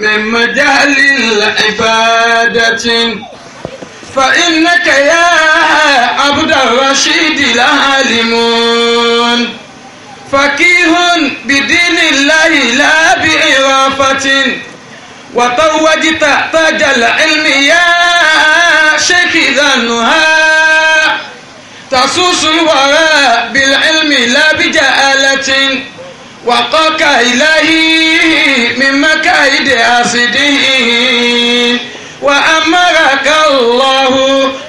من مجال عبادة فإنك يا عبد الرشيد لعالمون فقيه بدين الله لا بعرافة وطوجت تاج العلم يا شيخ ذا النهى تصوص الورى بالعلم لا بجهالة وقاك إلهي من مكائد حاسدين وأمرك الله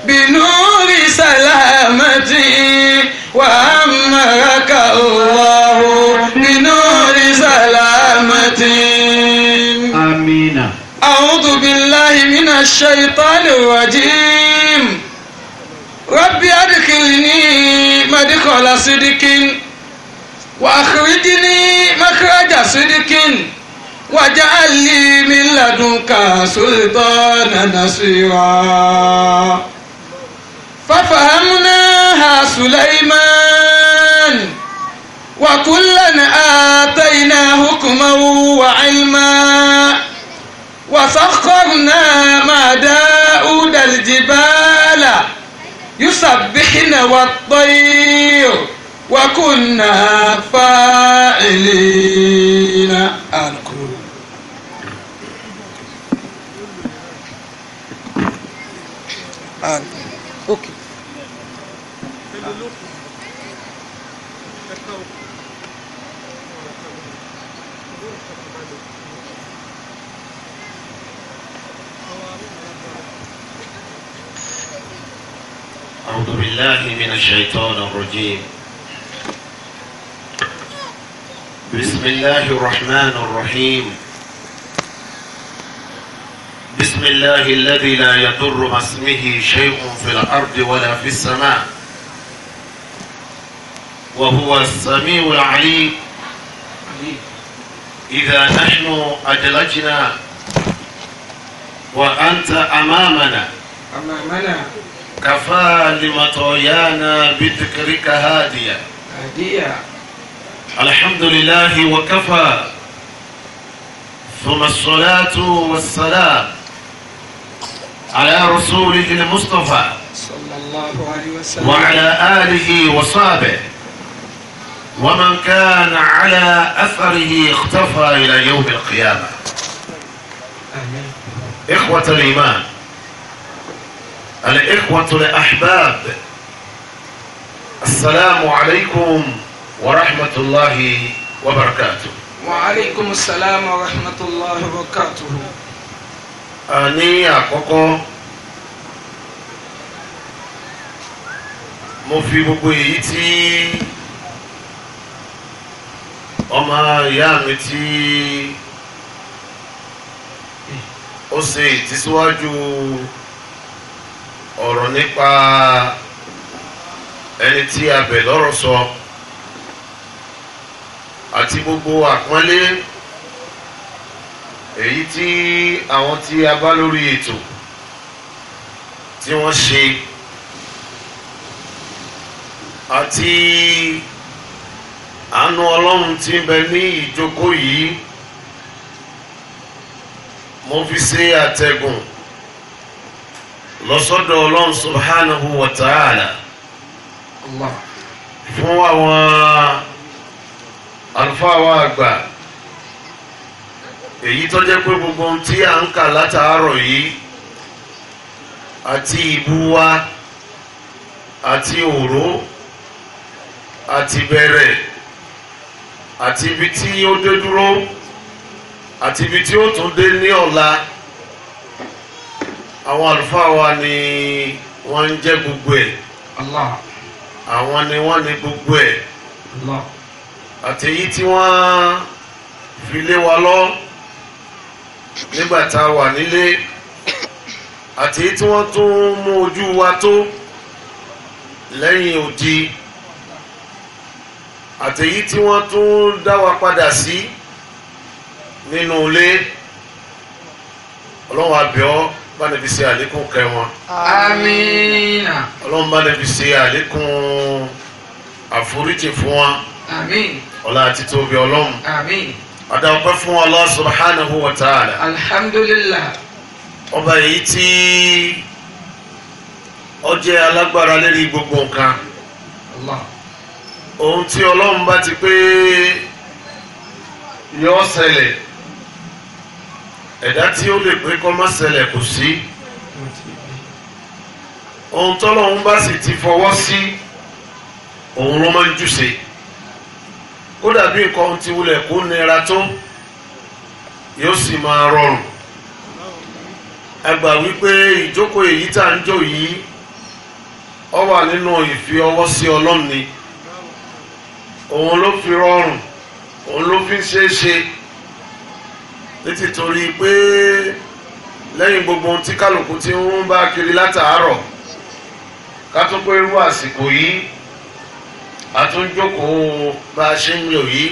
بنور سلامتي وأمرك الله بنور سلامتي آمين أعوذ بالله من الشيطان الرجيم ربي أدخلني مدخل صدق واخرجني مخرج صدق واجعل لي من لدنك سلطانا نصيرا ففهمناها سليمان وكلا آتينا حكما وعلما وسخرنا مع داود الجبال يسبحن والطير وكنا فاعلين الكل اوكي أعوذ بالله من الشيطان الرجيم بسم الله الرحمن الرحيم بسم الله الذي لا يضر اسمه شيء في الأرض ولا في السماء وهو السميع العليم إذا نحن أدلجنا وأنت أمامنا أمامنا كفى لمطويانا بذكرك هاديا هاديا الحمد لله وكفى ثم الصلاة والسلام على رسوله المصطفى صلى الله عليه وسلم وعلى آله وصحبه ومن كان على أثره اختفى إلى يوم القيامة آمين. إخوة الإيمان الإخوة الأحباب السلام عليكم ورحمة الله وبركاته وعليكم السلام ورحمة الله وبركاته أني أكوكو mo fi gbogbo èyí tí ọmọ ìyá mi tí ó ṣe ìtísíwájú ọ̀rọ̀ nípa ẹni tí a bẹ̀ lọ́rọ̀ sọ. So àti gbogbo àpọ́nlé èyí tí àwọn tí a bá lórí ètò tí wọ́n ṣe àti àánú ọlọ́run tí ń bẹ ní ìjókòó yìí mo fi ṣe àtẹ̀gùn lọ́sọ́dọ̀ ọlọ́run subhanahu wa ta'ala fún àwọn àlùfáà wa àgbà èyí tó jẹ́ pé gbogbo ohun tí à ń kà látàárọ̀ yìí àti ìbú wa àti òró àti bẹ̀rẹ̀ àti ibi tí ó dé dúró àti ibi tí ó tún dé ní ọ̀la àwọn àlùfáà wa ni wọ́n ń jẹ́ gbogbo ẹ̀ Allah àwọn ni wọ́n ní gbogbo ẹ̀ Allah àtẹ̀yí tí wọ́n fi lé wa lọ nígbà tá a wà nílé àtẹ̀yí tí wọ́n tún mú ojú wa tó lẹ́yìn òdi àtẹ̀yí tí wọ́n tún dá wa padà sí nínú ilé ọlọ́run àbẹ̀ọ́ bá níbi ṣe àlékún kẹ́ wọn. amiina. ọlọ́run bá níbi ṣe àlékún àforíjì fún wa. amiina ọlá àti tóbi ọlọ́run. àmín. ọ̀dà ọpẹ́ fún Allah subhanahu wa ta'ala. alhamdulillah. ọba èyí tí ó jẹ́ alágbára lérí gbogbo nǹkan. Allah. ohun tí ọlọ́run bá ti pé yóò ṣẹlẹ̀ ẹ̀dá tí ó lè pé kó má ṣẹlẹ̀ kò sí ohun tọ́lọ́run bá sì ti fọwọ́ sí òun ló máa ń jù sí i kódà bí nǹkan ti wulẹ̀ kó nira tó yóò sì máa rọrùn ẹ gbà wípé ìjókòó èyí tá à ń jò yìí ọ wà nínú ìfi ọwọ́ sí ọlọ́run ni òun ló fi rọrùn òun ló fi ń ṣeé ṣe títí torí pé lẹ́yìn gbogbo ohun tí kálukú ti ń bá kiri látàárọ̀ ká tó pé irú àsìkò yìí. àtúnjókòó bá a ṣe ń yàn yìí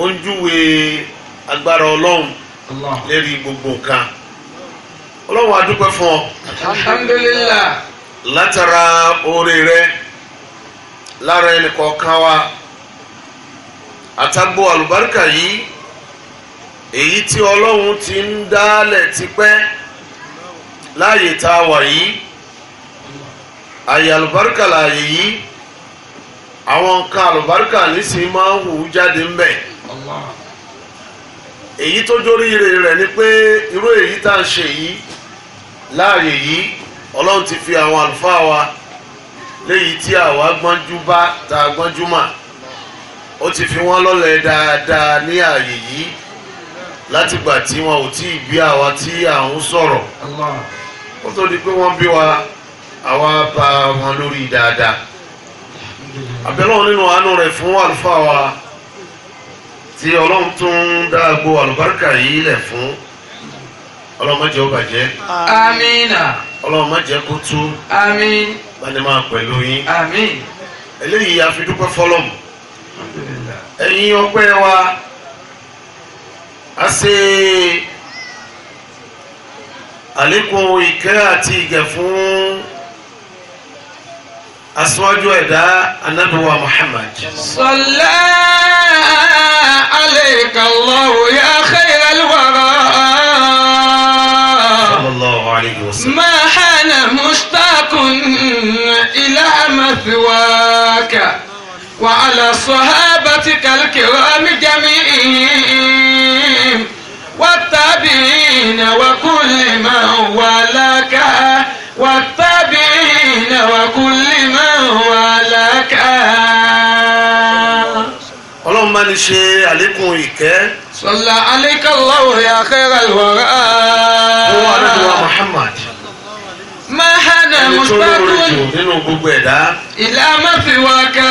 ó ń júwe agbára ọlọ́run lérí gbogbo nǹkan ọlọ́run adúpẹ́ fún ọ. alhamdulillah. látara oore rẹ lára ẹnìkọ̀ọ̀kan wa àtàgbò àlùbáríkà yìí èyí tí ọlọ́run ti ń dálẹ̀ tipẹ́ láàyè tá a wà yìí àyè àlùbáríkà àwọn nǹkan àlùbáríkà nísìnyí máa ń hù jáde ńbẹ èyí tó jórí ire rẹ̀ ni pé irú èyí tá à ṣe yìí láàyè yìí ọlọ́run ti fi àwọn àlùfáà wa léyìí tí àwa gbọ́njú bá tá a gbọ́njú mà ó ti fi wọ́n lọ́lẹ̀ dáadáa ní ààyè yìí látìgbà tí wọn ò tí ì bí àwa tí à ń sọ̀rọ̀ ó tó di pé wọ́n bí wa àwa bá wọn lórí dáadáa àbẹ̀lọ́wọ́ nínú àánú rẹ̀ fún àlùfáà wa tí ọlọ́run tún ń dá àlùbáríkà yìí lẹ̀ fún ọlọ́run má jẹ́ ó bàjẹ́. ọlọ́run má jẹ́ kó tú. bani máa pẹ̀lú yín. eléyìí a fọlọ́mù. ẹ̀yin ọpẹ́ wa a ṣe àlékún ìkẹ́ àti ìgẹ̀ fún. أسواج ويدا النبوة محمد صلى عليك الله يا خير الورى صلى الله عليه وسلم ما حان مشتاق إلى مثواك وعلى صحابتك الكرام جميعهم والتابعين وكل من والاك والتابعين وكل من والك ọlọ́run bá ní ṣe àlékún ìkẹ́. sọlá alẹ́kọ̀ọ́lọ́wọ́ ya kẹ́rẹ́ lọ́rọ́. ó wà lóde wa muhammad. mahana mustapha. ẹni tó lóore jù nínú gbogbo ẹ̀dá. ìlà máfi wá ká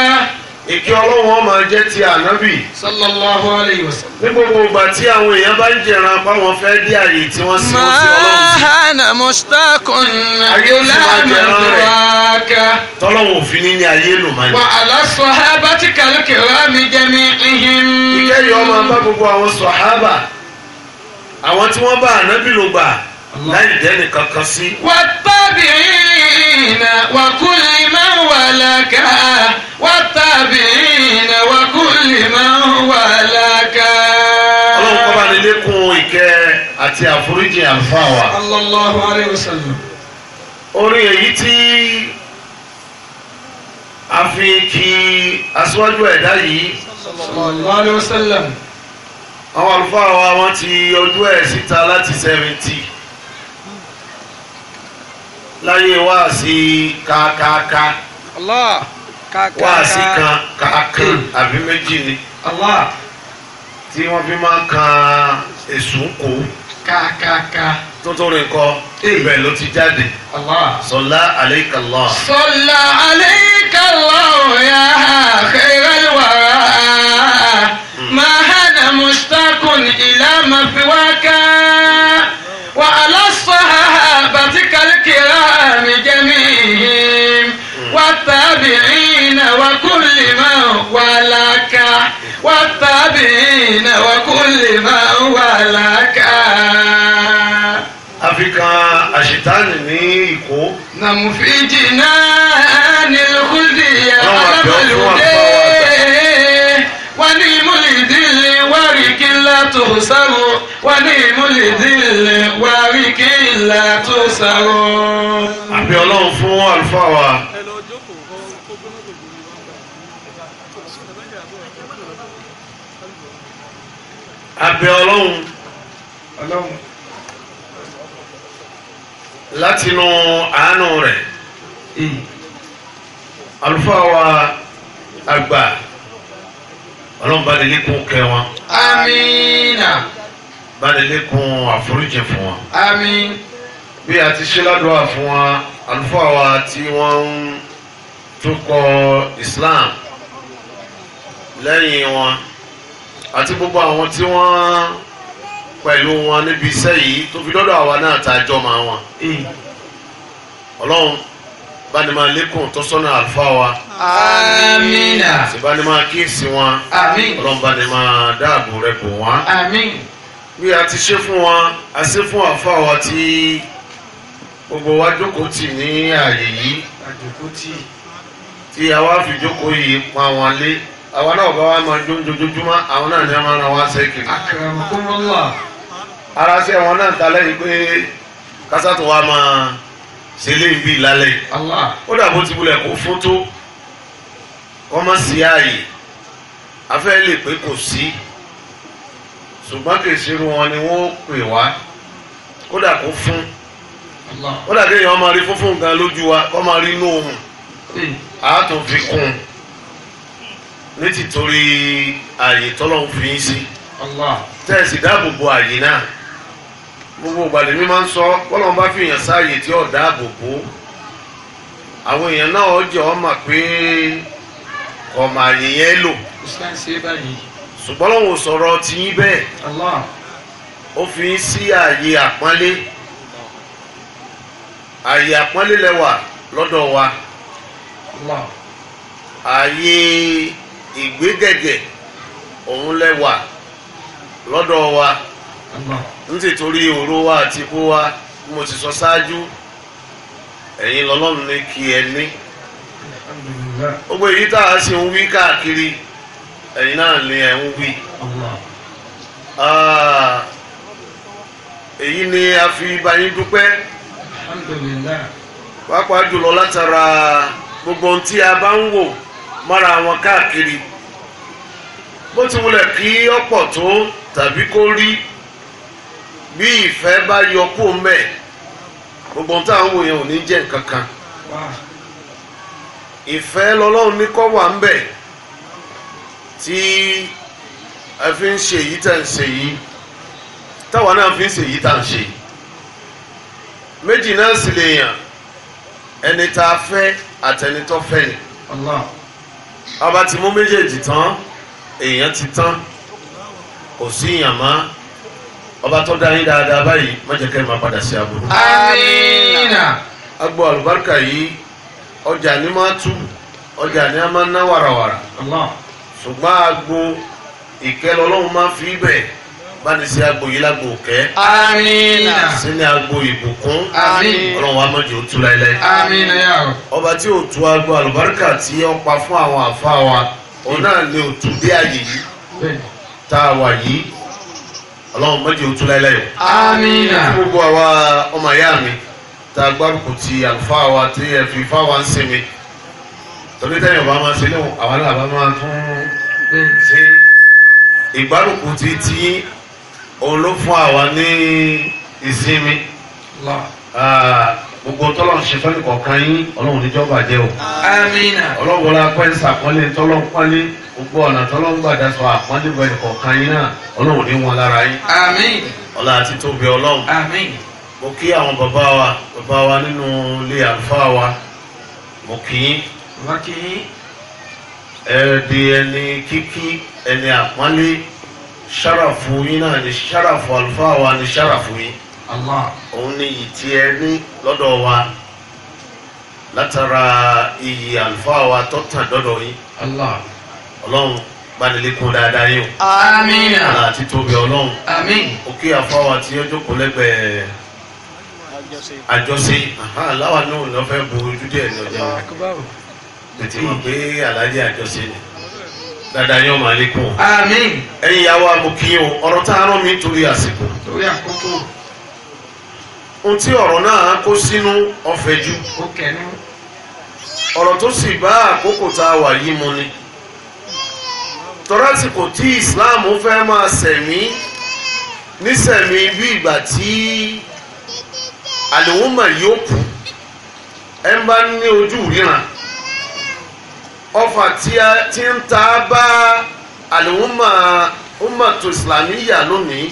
ìkí ọlọ́wọ́n máa jẹ́ ti ànábì. sallallahu alayhi wa sallam. ní gbogbo ìgbà tí àwọn èèyàn bá ń jẹran báwọn fẹ́ dé àyè tí wọ́n sin oṣù ọlọ́run. mahana mustakun ilamuraka. tọ́lọ́wọ́n òfin ní ní ayé lò máa ń. wà á sọ̀hábàtì kàlùkìrá mi jẹ́mi ihim. ìkẹyọ̀ ọmọ bá gbogbo àwọn sọ̀hábà àwọn tí wọ́n bá ànábì ló gbà láì dẹ́nu kankan sí. wà á tàbí ìnà wà kú lè má wà lága wà á tàbí ìnà wà kú lè má wà lága. ọlọ́run kọ́ bá lè lékún ìkẹ́ àti àforíjì àlùfáà wa. Allahu orin èyí tí a fi kí aṣíwájú ẹ̀dá yìí. Sallallahu alayhi àwọn àlùfáà wa wọ́n ti ọjọ́ ẹ̀ síta láti sẹ́fẹ̀ntì láyé wáàsí kàkàkà wáàsí kan kàkàn àbí méjì ni tí wọ́n fi máa kan èsùn kó kàkàkà tuntun rìn kọ ibẹ̀ ló ti jáde sọlá àlékàlá. sọlá àlékàlá ya khairal والتابعين وكل من ولك والتابعين وكل من ولك Afrika àṣetánì ní Èkó. Nàmúfíjì náà ní lókùdì àbábọ̀lùdé. Wọ́n ní ìmúlìdílé wárí kí ńlá tó sáró. Wọ́n ní ìmúlìdílé wárí kí ńlá tó sáró. Àbí Ọlọ́run fún àlùfáà wa. abẹ ọlọ́run látinú àánú rẹ̀ hmm. àlùfáà wa àgbà ọlọ́run bá délé kún kẹ́ wọn. amiina. bá délé kún àforíjì fún wọn. àmín. bí a ti ṣe ládùúgbò fún wa àlùfáà wa tí wọ́n ń tó kọ Islam lẹ́yìn wọn àti gbogbo àwọn tí wọ́n pẹ̀lú wọn níbi iṣẹ́ yìí tó fi dọ́dọ̀ àwa náà ta àjọ máa wọn. ọlọ́run bánimá lẹ́kùn tó sọ́nà àlùfáà wa. àmín. sì bánimá kíyèsí wọn. àmín. ọlọ́run bánimá dáàbò rẹ̀ bò wọ́n. àmín. bí a ti ṣe fún wọn a ṣe fún àlùfáà wa tí gbogbo wa jókòó tì ní ààyè yìí. àjòkó tì. tí a wá fi jókòó yìí pa wọn lé àwọn náà bá wa máa jó jojoojúmọ́ àwọn náà ní a máa ràn wá sẹ́kì. akramakumullah. ara sí àwọn náà ta lẹ́yìn pé kásátò wa máa ṣe lé ibi ìlálẹ̀. ó dàbó ti bulẹ̀ kó fún tó wọ́n má sí ààyè afẹ́ lè pé kò sí ṣùgbọ́n kì í ṣerú wọn ni wọ́n pè wá ó dà kó fún ó dà kéèyàn máa rí fúnfún gan lójú wa kó máa rí inú ohun àá tún fi kún un ní tìtorí ààyè tọ́lọ́hún fi yín sí tẹ̀sí dáàbòbò ààyè náà gbogbo ìgbàlè mi máa ń sọ bọ́lọ́hún bá fi èèyàn sáàyè tí ò dáàbòbò àwọn èèyàn náà jẹ́ ọ́ mà pé ọmọ ààyè yẹn lò ṣùgbọ́n lọ́wọ́ sọ̀rọ̀ ti yín bẹ́ẹ̀ ó fi yín sí ààyè àpọ́nlé ààyè àpọ́nlé lẹ́wà lọ́dọ̀ wa ààyè. ìgbégẹ̀gẹ̀ òun lẹ́wà lọ́dọ̀ wa n sì torí oro wa àti ikú wa mo ti sọ ṣáájú ẹ̀yin lọ́lọ́run ní kí ẹ ní gbogbo èyí tá a sì ń wí káàkiri ẹ̀yin náà ni ẹ̀ ń wí. èyí ni a fi báyìí dúpẹ́ pàápàá jùlọ látara gbogbo ohun tí a bá ń wò. mọ́ra wọn káàkiri bó ti wulẹ̀ kí ọ̀pọ̀ tó tàbí kó rí bí ìfẹ́ bá yọ kó mẹ́ gbogbo ohun táwọn wòye ò ní jẹ́ nǹkan kan ìfẹ́ lọ́lọ́run ní kọ́ wà ń bẹ̀ tí ẹ fi ń ṣe èyí tá ń ṣe yìí táwa náà fi ń ṣe èyí tá ń ṣe méjì náà sì lè yàn ẹni tá a fẹ́ àtẹnitọ́ fẹ́ ni. Allah ọba ti mú méjèèjì tán èèyàn ti tán kò sí ìyàn mọ́ ọba tó dá yín dáadáa báyìí má máa padà sí aburú. amiina. agbo àlùbáríkà yìí ọjà ni máa tú ọjà ni a máa ná wàràwàrà ṣùgbọ́n agbo ìkẹlẹ́ ọlọ́run máa fi bẹ́ẹ̀ báni sí agbo yìí lágbo kẹ́. amiina. sínú agbo ìbùkún. amiina. ọlọ́run wa mọ̀jẹ̀ ó tú láéláé. amiina yà ọba tí ò tú agbo àlùbáríkà tí ó fún àwọn àfa wa òun náà ni ò tú dé àyè yìí tá a wà yìí ọlọ́run mọ̀jẹ̀ ó tú láéláé o. amiina. gbogbo àwa ọmọ ìyá mi tá a gbárùkù ti àlùfáà wa tí ẹ fi wa ń sinmi torí tẹ́yìn ọba máa ṣe léwu àwa náà ìgbárùkù ti ti òun fún àwa ní ìsinmi gbogbo tọ́lọ́run ṣe fẹ́ẹ́ kọ̀ọ̀kan yín ọlọ́run níjọba jẹ́ o. ọlọ́run wọlé apẹ́ ń sàpọ́nlé pọ́nlé gbogbo ọ̀nà tọ́lọ́run gbàdá sọ àpọ́nlé bẹ́ẹ̀ kọ̀ọ̀kan yín náà ọlọ́run ní wọn lára yín. ọlá àti tóbi ọlọ́run. mo kí àwọn bàbá wa bàbá wa nínú ilé àlùfáà wa mo kì í. ẹ di ẹni kíkí ẹni àpọ́nlé ṣàràfù yín náà ni ṣàràfù àlùfáà wa ni ṣàràfù yín Allah òun ni iyì ẹ ní lọ́dọ̀ wa látara iyì àlùfáà wa tó tàn dọ́dọ̀ yín Allah ọlọ́run gbanilekun dáadáa yín o. àmín. àlà àti tóbi ọlọ́run. àmín. òkè àfáwà tí ó jókòó lẹ́gbẹ̀ẹ́ àjọṣe aláwa náà lọ́fẹ́ bo ojú díẹ̀ ní ọjà tètè mọ̀ pé aláàjì àjọṣe ni dada yóò máa lékún. àmín. ẹ̀yin ìyàwó amòkìyàn ọ̀rọ̀ tá a rán mi torí àsìkò. torí àkókò. ohun tí ọ̀rọ̀ náà kó sínú ọ̀fẹ́ jù. ó kẹnu. ọ̀rọ̀ tó sì bá àkókò tá a wà mu ni. tọ́lásìkò tí Islam fẹ́ máa sẹ̀mí nísẹ̀mí bí ìgbà tí àlèwọ́mọ̀ yóò kù ẹ̀ ń bá ní ọfà tí ń ta bá àlùmọ́ ummatu islamiyya lónìí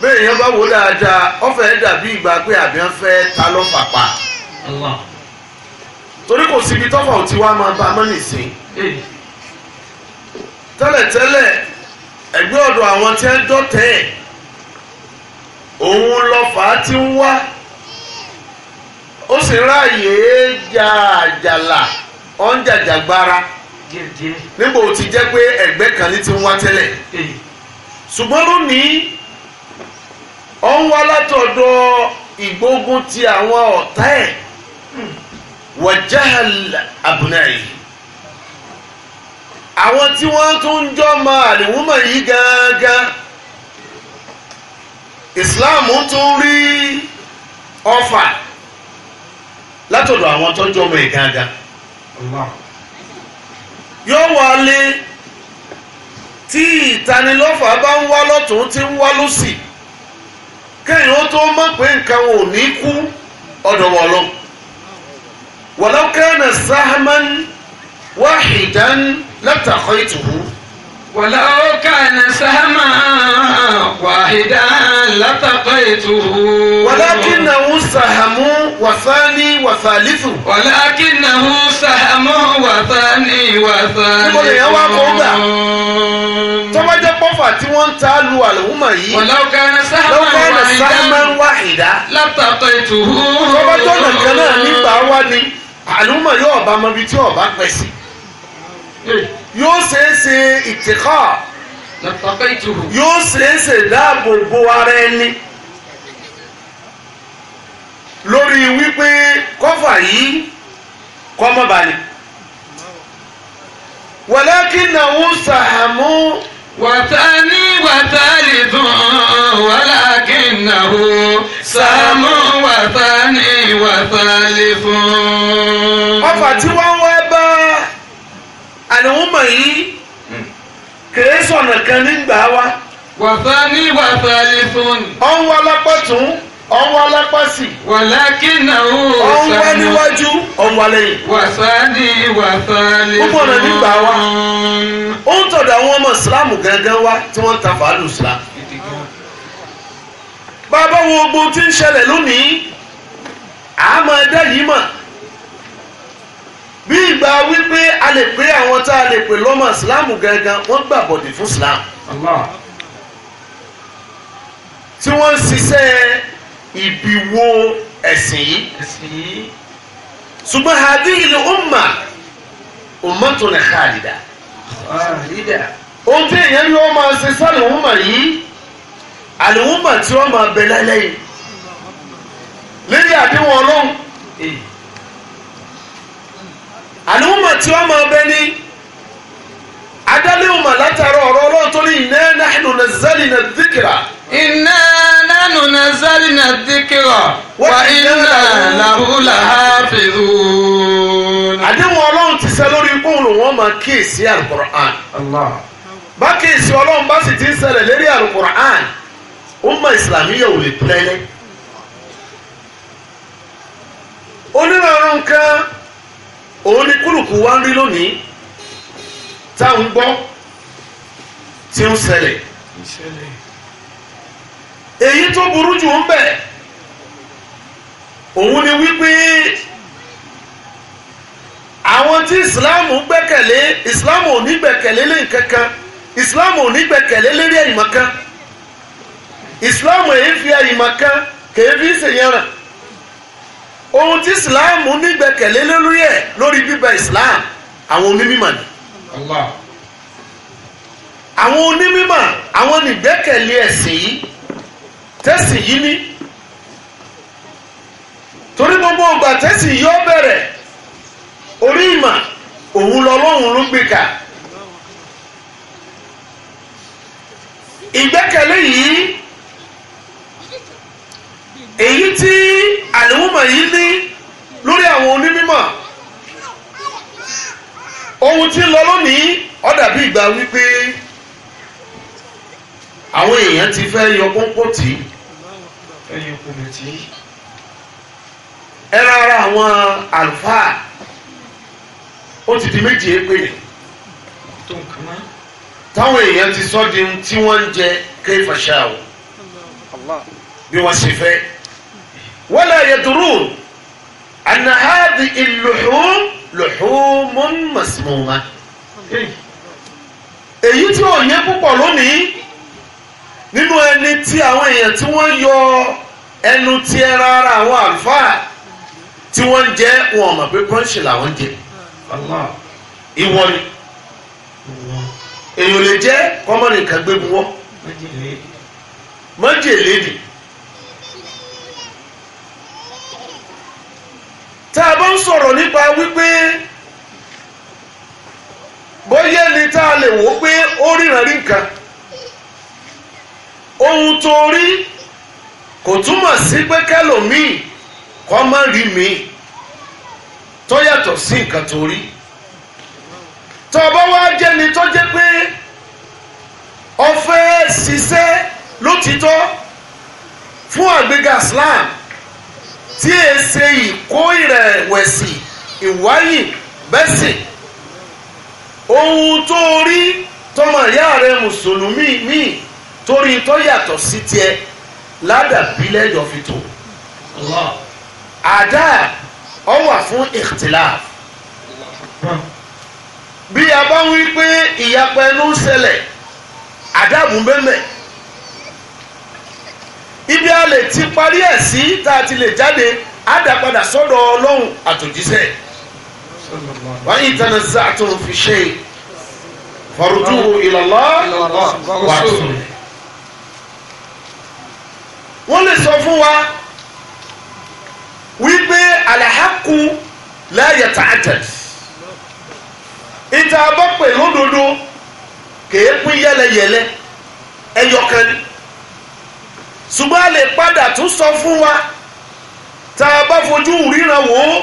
bẹ́ẹ̀ yẹn bá wò dáadáa ọfẹ́ dàbí ìgbà pé àbíyàn fẹ́ ta lọ́fà pa torí kò síbi tọ́fà ò ti wá máa ba mọ́nì sí eh. tẹ́lẹ̀tẹ́lẹ̀ ẹ̀gbẹ́ ọ̀dọ̀ àwọn tí ń dọ́tẹ̀ ẹ̀ òun lọ́fà ti ń wá ó sì ráàyè jàjàlà. Ja, ọ̀ ń jàjàgbara níbo ti jẹ́ pé ẹ̀gbẹ́ kan ní ti ń wá tẹ́lẹ̀ ṣùgbọ́n lónìí ọ̀ ń wá látọ̀dọ̀ ìgbógun ti àwọn ọ̀tá ẹ̀ hmm. wajahal abunai àwọn tí wọ́n tún jọ ma àlèwúmọ̀ yìí gángan islam tún rí ọfà látọ̀dọ̀ àwọn tó jọ ma ẹ̀ gángan yóò wọlé tí ìtanilọ́fà bá ń wá lọ́tún tí ń wá lọ́sì kéèyàn ó tó mọ̀ pé nǹkan ò ní kú ọ̀dọ̀ wọ̀ lọ. walau kana sahman wahidan latakhaytuhu. walau kana sahman wahidan latakhaytuhu. walakinnahu sahmun wàfáàní wàfáàlífù. wàlákìnnàhù sàmú wàfáàní wàfáàlífù. níbo lèyàn wá kó gbà. tọ́wọ́ jẹ́ pọ́fà tí wọ́n ń ta lu àlùmọ̀ yìí. wàlákàrà sáàmà wàhídà. látàtọ̀ ìtùhú. tọ́wọ́ jọ̀nà kan náà nígbà wá ni àlùmọ̀ yóò bá mọbi tí yóò bá pẹ̀ sí. yóò ṣeé ṣe ìtìkọ́. látàtọ̀ ìtùhú. yóò ṣeé ṣe dáàbò lórí wípé kọfà yìí kọ́mọ́balẹ̀ wàlákìnàwó sàmú. wàtání wàtálì dùn wàlákìnàwó sàmú wàtání wàtálì fún. ọfà tí wọ́n wá bá àníwọ̀mọ̀ yìí kìí sọ̀nà kan nígbà wa. wàtání wàtálì fún. ọ̀n wọ́n lápá tún. ọwọ́ alápàsì. wàlákì náà ó sànù. ọwọ́ níwájú ọwọ́ alẹ́yìn. wàsáàdì wàsáàlẹ̀ fún. gbogbo ọ̀nà nígbà wa. ó ń tọ̀dọ̀ àwọn ọmọ ìsìláàmù gángan wa tí wọ́n ń ta fàálù ìsìláàmù. bàbá wo ogun tí ń ṣẹlẹ̀ lónìí àmọ́ ẹ̀dá yìí mọ̀. bí ìgbà wípé a lè pé àwọn tá a lè pè lọ́mọ ìsìláàmù gángan wọ́n gbàbọ̀dè fún ìsìláàmù. tí wọ́n ń ṣiṣẹ́ ibi wo ẹ̀sìn yìí ṣùgbọ́n hadhihi ni umma ummatun khalida ohun tí èèyàn ní wọ́n máa ṣe sálẹ̀ umma yìí àlùwùmà tí wọ́n máa bẹ lálẹ́ yìí lẹ́yìn àdéhùn ọlọ́run àlùwùmà eh. tí wọ́n máa bẹ ní adálẹ́wò mà látara ọ̀rọ̀ ọlọ́run tó ní iná nahnu nazzalna dhikra. iná nahnu nazzalna dhikra wa iná lahu lahafizun. àdéhùn ọlọ́run ti sẹ́ lórí ikún ló wọ́n máa kíyèsí alukur'an. bá kíyèsí ọlọ́run bá sì ti ń ṣẹlẹ̀ lérí alukur'an umma islamiyya ò lè pẹ́lẹ́. onírànràn kan òun ni kúlùkù wá ń rí lónìí tá à ń gbọ́ tí ń ṣẹlẹ̀ èyí tó burú jù ń bẹ̀ òun ni wípé àwọn tí ìsìláàmù gbẹ́kẹ̀lé ìsìláàmù ò ní gbẹ́kẹ̀lé lé nǹkan kan ìsìláàmù ò ní gbẹ́kẹ̀lé lérí ẹ̀yìnmọ̀ kan ìsìláàmù èyí fi ẹ̀yìnmọ̀ kan kèé fi ṣèyànràn ohun tí ìsìláàmù ní gbẹ́kẹ̀lé lórí ẹ̀ lórí bíbẹ ìsìláàmù àwọn onímọ̀ ni àwọn onímọ̀ àwọn nìgbẹ́kẹ̀lé ẹ̀sìn yìí tẹ̀sìn yìí ní torí gbogbo ọgbà tẹ̀sìn yìí ó bẹ̀rẹ̀ orí ìmọ̀ òun lọ́lọ́run ló gbé ka ìgbẹ́kẹ̀lé yìí èyí tí àlùmọ̀ yìí ní lórí àwọn onímọ̀ ohun tí ń lọ lónìí ó dàbí ìgbà wípé àwọn èèyàn ti fẹ́ yọ pọ́npọ́ tì í ẹ rárá àwọn àlùfáà ó ti di méje pé táwọn èèyàn ti sọ di tí wọ́n ń jẹ kéfà o bí wọ́n ṣe fẹ́ wala yadurun anna hadhihi al-luhum lùhùmùn mọ̀sùmùmá èyí tí ò yẹ púpọ̀ lónìí nínú ẹni tí àwọn èèyàn tí wọ́n yọ ẹnu ti ẹran ara àwọn àlùfáà tí wọ́n ń jẹ́ wọn mọ̀ pé kọ́ńṣì làwọn ń jẹ ìwọ ni èèyàn lè jẹ́ kọ́mọ́nì gbé bu wọ́n májèlé ni. tá a bá ń sọ̀rọ̀ nípa wípé bóyá ni tá a lè wò pé ó ríran rí nǹkan ohun tó rí kò túmọ̀ sí pé kẹlòmíì kọ́ má rí mi tó yàtọ̀ sí nǹkan tó rí tó bá wá jẹ́ni tó jẹ́ pé ọ̀fẹ́ ṣiṣẹ́ lótìtọ́ fún àgbéga Islam tí è ṣe ìkó ìrẹ̀wẹ̀sì ìwáyì bẹ́sì ohun tó rí tọmọ ìyá rẹ mùsùlùmí míì torí tó yàtọ̀ sí tiẹ̀ ládàbí lẹ́jọ́ fi tó àdá ọ fún ìkhtilaf bí a bá wí pé ìyapẹnu ṣẹlẹ̀ àdàbùn bẹ́ẹ̀ mẹ́ẹ̀ ibi a lè ti parí ẹ̀ sí tá a ti lè jáde á dà padà sọ́dọ̀ ọlọ́run àtòjíṣẹ́ wa in tanaza'tum fi shay' farudduhu ila Allah wa wọ́n lè sọ fún wa wípé al-haqqu la yata'addad ìta bọ́ pè lódodo kèé pín yẹlẹyẹlẹ ẹyọkan ṣùgbọ́n a lè padà tún sọ fún wa tá a bá fojú ríran wò ó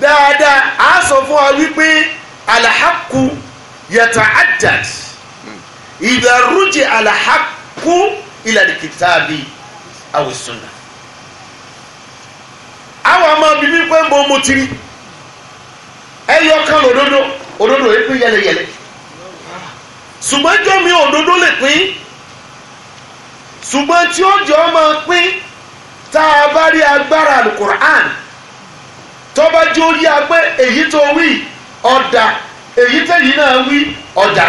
dáadáa a sọ fún wa wípé alahaku yata'addad idha ruji alahaku ila alkitabi aw sunna àwọn ọmọ bíbí pé ń bọ mo tiri ẹyọ kan lòdodo òdodo yẹ yẹlẹyẹlẹ ṣùgbọ́n jọ́mi òdodo lè pín ṣùgbọ́n tí ó jọ ọmọ pín tá a bá rí agbára alukur'an tọ́ba jó yá pé èyí tó wí ọ̀dà èyí tẹ̀yìn náà wí ọ̀dà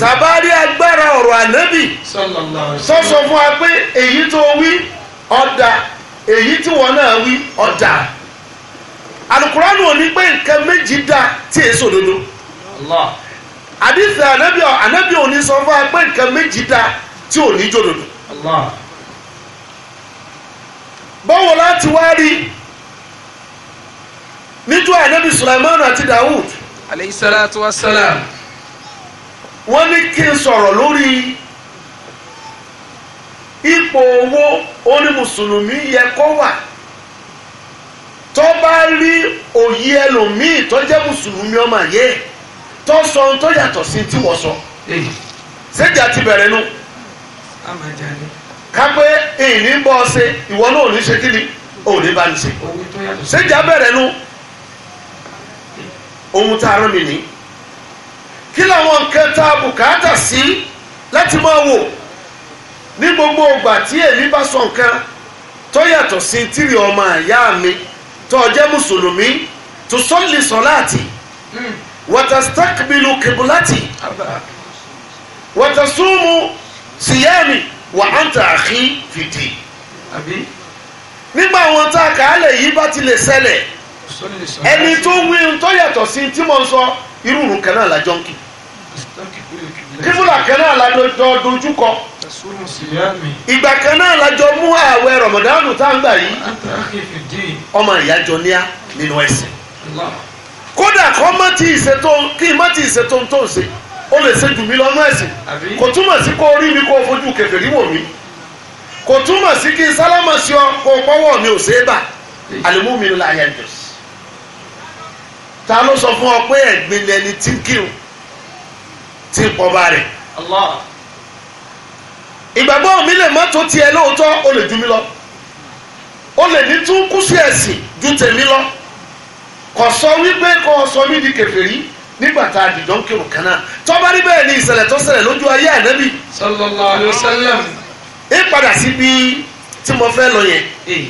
tàbá rí agbára ọ̀rọ̀ ànábì sọ́sọ fún wa pé èyí tó wí ọ̀dà èyí tí wọ́n náà wí ọ̀dà alukur'an ò ní pé nǹkan méjì dá tí èso dodo àdìsí ànábì ò ní sọ fún wa pé nǹkan méjì dá tí ò ní jòdòdò. báwo láti wá rí níjọ́ ànábì Sulaiman àti Dawud. aleyhi salatu wa salam. wọ́n ní kí n sọ̀rọ̀ lórí ipò owó orí mùsùlùmí yẹ kó wà tó bá rí òye ẹlòmíì tó jẹ́ mùsùlùmí ọmọ yẹ tó sọ ohun tó yàtọ̀ sí tí wọ́n sọ. ṣéjà ti bẹ̀rẹ̀ nù. No? kápẹ́ ìní ń bọ́ ṣe ìwọ náà ò ní ṣe kíni ò ní bá ní ṣe ṣèjà bẹ̀rẹ̀ nu ohun tá a rán mi ní kí làwọn nǹkan tá a bùkátà sí láti máa wò ní gbogbo ìgbà tí èmi bá sọ nǹkan tó yàtọ̀ sí tìrì ọmọ àyá mi tó jẹ́ mùsùlùmí tó sọ́ọ̀lì sọ́láàtì wàtà stákìbìlù kìbùlátì wàtà súnmù síyáàmì wà á ń tà àkí fìdí àbí nígbà àwọn tá a kà á lẹ̀ yìí bá ti lè ṣẹlẹ̀ ẹni tó wí tó yàtọ̀ sí tí mo ń sọ irú òrùn kan náà lájọ́ ń kì kífúlà kan náà lájọ dojú kọ ìgbà kan náà lájọ mú ààwẹ̀ rọ̀mọ̀dánù tá ń gbà yìí ọmọ ìyájọ níyà nínú ẹ̀sìn kódà kọ́ mọ́ ti ìṣètò kí n ti ìṣètò tó ń ṣe ó lè ṣe jù mí lọ́nà ẹ̀sìn kò túmọ̀ sí kó rí mi kó fojú kèfèrí wò mí kò túmọ̀ sí kí sálámà sí ọ kó pọ́wọ́ mi ò ṣe é bà àlùmú mi ló la yẹn jù sí. ta ló sọ fún ọ pé ẹ̀gbin lẹni tí ń kírun tí ń pọba rẹ̀. ìgbàgbọ́ mi lè má tó tiẹ̀ lóòótọ́ ó lè jù lọ ó lè ní tún kú sí ẹ̀sìn ju tèmi lọ kò sọ wípé kò sọ mí di kèfèrí nígbà tá a dìjọ ń kírun kan náà tọ́ba rí bẹ́ẹ̀ ni ìṣẹ̀lẹ̀ tó ṣẹlẹ̀ lójú ayé ànábì. sallallahu alaihi wasallam. ẹ padà sí bí tí mo fẹ́ lọ yẹn. Eh.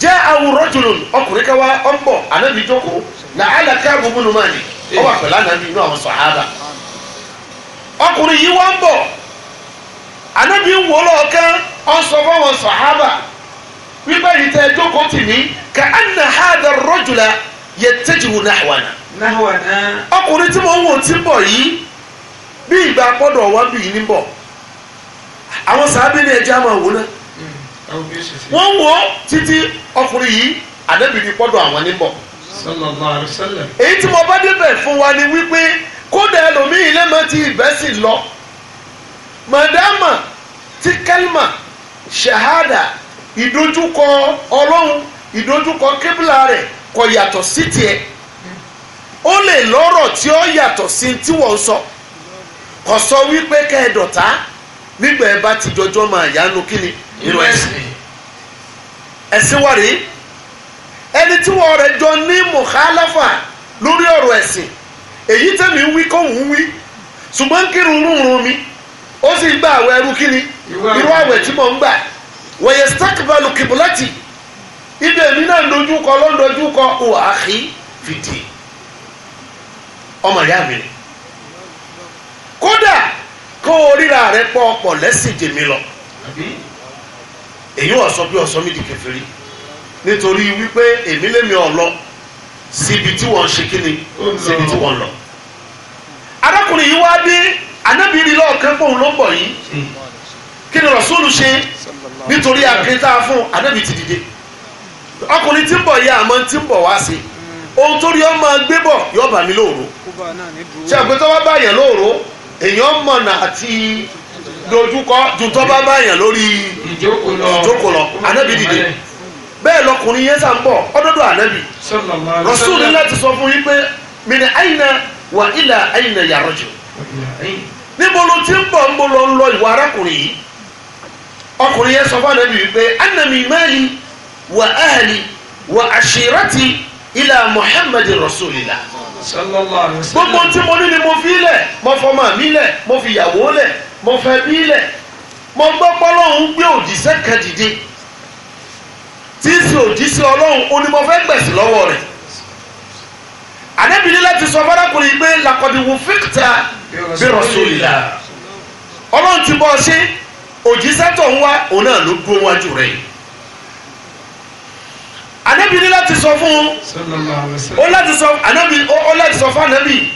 jẹ́ àwòrán jùlọ ọkùnrin kan ọ̀ ń bọ̀ ànábì jókòó làálà káàbù múnú máa ní ọ wà eh. pẹ̀lú ànábì inú àwọn sàhábà. ọkùnrin yìí wá ń bọ̀ ànábì ń wò lọ kán ọ̀ ń sọ fáwọn sàhábà wípé ìtẹ́ jókòó tì mí ka ọkùnrin tí mo ń wò tí ń bọ̀ yìí bí ìgbà gbọ́dọ̀ wá bí yìí ń bọ̀ àwọn sàábì ní ẹja máa wò náà wọ́n ń wò títí ọkùnrin yìí àdébìnrin gbọ́dọ̀ àwọn ní bọ̀ èyí tí mo bá débẹ̀ fún wa ni wípé kódà ẹlòmíì lẹ́mọ̀ tí ìbẹ́ sì lọ màdámà tí kẹ́lmà ṣahada ìdojúkọ ọlọ́run ìdojúkọ kébìlà rẹ̀ kò yàtọ̀ sí tiẹ̀ ó lè lọ́rọ̀ tí ó yàtọ̀ sí tí wọ́n sọ kò sọ wípé kẹ́ẹ̀dọ̀tá nígbà ẹ bá ti jọjọ́ máa yánu kí ni nínú ẹ̀sìn ẹ̀sìn wà rí ẹni tí wọ́n rẹ̀ jọ ní mọ̀kálàfà lórí ọ̀rọ̀ ẹ̀sìn èyí tẹ̀mí wí kóhùn wí ṣùgbọ́n kírun rúnrun mi ó sì gba àwẹ̀ ẹrú kí ni irú àwẹ̀ tí mò ń gbà wọ̀nyẹ stakbalu kìbùlátì ibẹ̀ mi náà dojú kọ ló ń dojú kọ òhàkí fìdí ọmọ ìyá mi ni kódà kó o ríra rẹ pọ ọ̀pọ̀ lẹ́sìn jèmi lọ èyí ọ̀sọ́ bí ọ̀sọ́ mi di kèfèrí nítorí wípé èmi lèmi ọ̀lọ́ síbi tí wọ́n ṣe kí ni síbi tí wọ́n lọ. arákùnrin yìí wá dé anábìrin lọ́ọ̀kan fóun ló ń bọ̀ yìí kí ni rọ̀súlù ṣe nítorí àkíntà fún anábì ti dìde ọkùnrin tí ń bọ̀ yìí àmọ́ tí ń bọ̀ wá sí ohun tó rí ọ máa gbé bọ̀ yọ̀ọ̀bà mi lóòrò ṣe àgbẹ̀ tó bá báyàn lóòró èèyàn mọ̀nà àti dojúkọ ju tó bá báyàn lórí ìjókòó lọ ànábì dìde bẹ́ẹ̀ lọkùnrin yẹn sàn bọ̀ ọdọ́dọ̀ ànábì Rasul láti sọ fún yín pé mìnà àyìnà wà ilà àyìnà yàrá jù níbo ló ti ń bọ̀ ń bọ̀ lọ ń lọ ìwà arákùnrin yìí ọkùnrin yẹn sọ fún ànábì wípé ànàmì mali wà ahli wà àṣírátì ilà muhammed rasulillah gbogbo tí mo ní ni mo fi lẹ̀ mo fọmọ mi lẹ̀ mo fi ìyàwó lẹ̀ mo fẹ́ bí lẹ̀ mo gbọ́ pọ́lọ́hún gbé òjíṣẹ́ kan dìde tí í ṣe òjíṣẹ́ ọlọ́hún ó ní mo fẹ́ gbẹ̀sì lọ́wọ́ rẹ̀ àdébìnrin láti sọ fọ́nàkùnrin pé làkọ̀dìwò fíkta bí rasulillah ọlọ́run ti bọ́ ọ ṣe òjíṣẹ́ tó ń wá òun náà ló dúró wájú rẹ̀ yìí anabi ní láti sọ fún ó láti sọ anabi ó láti sọ fún anabi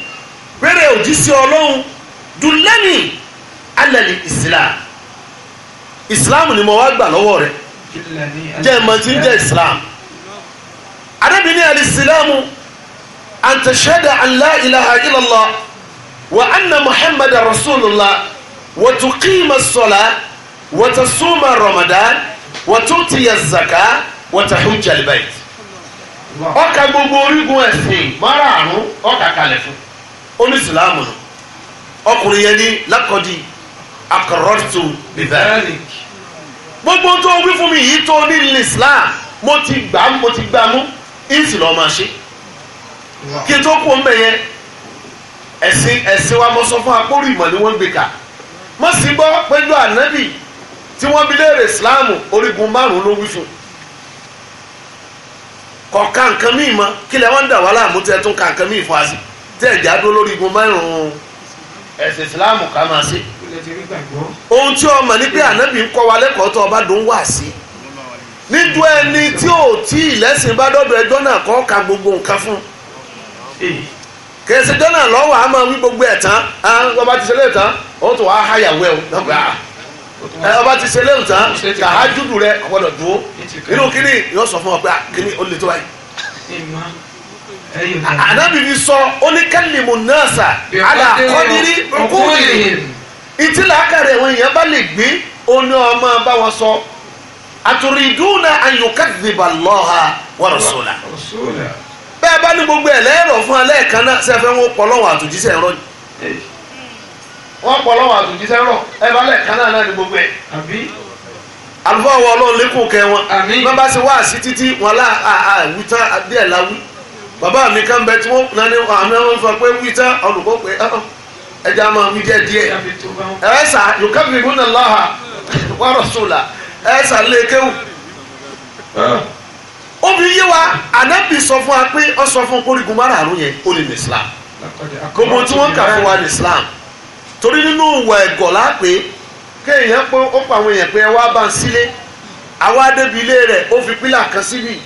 rere òjíṣẹ́ ọlọ́run dùlẹ́nì alẹ́lì islam islam ni mo wá gbà lọ́wọ́ rẹ̀ jẹ́ mọ̀ tí ń jẹ́ islam anabi ní alìsílámù àtẹ̀ṣẹ́dà alá ilaha illallah wa anna muhammad rasulullah wa tuqima as wa tasuma ramadan wa tu'ti az wọ́tà tó jẹ́ àlìbáyìí ọkà gbogbo orígun ẹ̀sìn márààrún ọkà kalẹ̀ fún onísìlámù nù ọkùnrin yẹn ní lákọ̀dí akọ̀rọ̀tù bìbẹ́ẹ̀lì gbogbo tó wí fún mi yìí tó ní ní islam mo ti gbà mo ti gbà mú ìsìn lọ́ọ́ máa ṣe kí n tó kú ọmọ yẹn ẹ̀sìn ẹ̀sìn wa mo sọ fún akóró ìmọ̀ ni wọ́n ń gbé kà mo sì gbọ́ pẹ̀lú ànábì tí wọ́n bi léèrè islam orígun márùn-ún ló wí fún un. kọ̀ọ̀ka nǹkan míì mọ́ kí lẹ́ wọ́n dà wá láàmú tún ka nǹkan míì fún wa sí tẹ́ ẹ̀jẹ̀ adó lórí igun márùn-ún ẹ̀sìn ìsìláàmù ká máa ṣe. ohun tí ọmọ ní pé ànábì ń kọ́ wa lẹ́kọ̀ọ́ tó ọba dùn wà sí ẹni tí ò tí ìlẹ́sìn bá kọ́ ka gbogbo nǹkan fún jọ́nà lọ́wọ́ wí gbogbo ẹ̀ tán ọba ti tán ó háyàwó ẹ̀ ọba ti ṣe léwu tán tàhájúdù rẹ ọgbọdọ dúró inú kínní yóò sọ fún ọ pé ah, kínní ó lè tó báyìí. ànábì mi sọ ó ní kẹ́lìmù nọ́ọ̀sà alákọ́dírí kúrì ìtìlákàrẹ̀ wọn yẹn bá lè gbé oní ọmọ bá wọn sọ àtúrídùnà àyùkàdìbà lọ́ha wọ́n rọ̀ṣọ́là bẹ́ẹ̀ bá ní gbogbo ẹ̀ lẹ́rọ̀ fún alẹ́ kan náà sẹ́fẹ̀ wọn pọ̀ lọ́wọ́ àtòjíṣẹ́ ẹ̀rọ yìí. wọ́n pọ̀ lọ́wọ́ àtúnjíṣẹ́ rọ̀ ẹ bá lẹ̀ kánà náà ní gbogbo wọ ọlọ́run lékún kẹ wọn bá bá ṣe wá sí títí wọn lá àwí díẹ̀ láwí bàbá mi kan bẹ tí wọ́n náà àmì wọn fọ pé pé ẹ sà yòókè mi lọ́hà wọ́n sùlà e wa sọ fún wa pé ọ torí nínú ìwà ẹ̀gọ̀ lápè kéèyàn pé ó pa àwọn èèyàn pé ẹ wá bá ń sílé àwa débi ilé rẹ̀ ó fi pílà kan síbì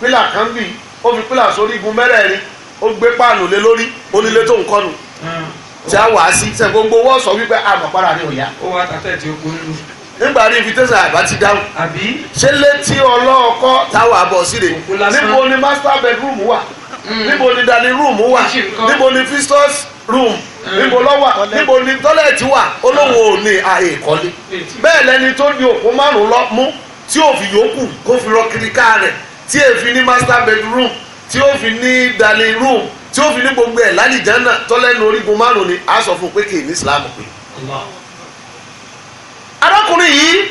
pílà kan bì ó fi pílà sórí igun mẹ́rẹ̀ẹ̀rin ó gbé páànù lé lórí onílé tó ń kọ́nu hmm. tí a wà á sí sẹ́ gbogbo wọ́n sọ wípé àmọ̀pára ni ò yá. ó wá tàtẹ́ tí ó kú nínú. nígbà rí invitation àbá ti dáhùn. àbí. ṣé létí ọlọ́ọ̀kọ́ táwa bọ̀ síre níbo ni master bedroom wà. Mm. níbo ni dani room wà níbo ni visitors room mm. níbo lọ wà níbo ni tọ́lẹ̀tì wà olówó ò ah. ní àyè ìkọ́lé bẹ́ẹ̀ lẹni tó ní òkú márùn-ún lọ mú tí ò fi yòókù kó fi rọ kiri ká rẹ̀ tí è fi ní master bedroom tí ó fi ní dani room tí ó fi ní gbogbo ẹ̀ lálìjánà tọ́lẹ́nu orígun márùn-ún ni a sọ fún un pé kì í ní Islam pé. arákùnrin yìí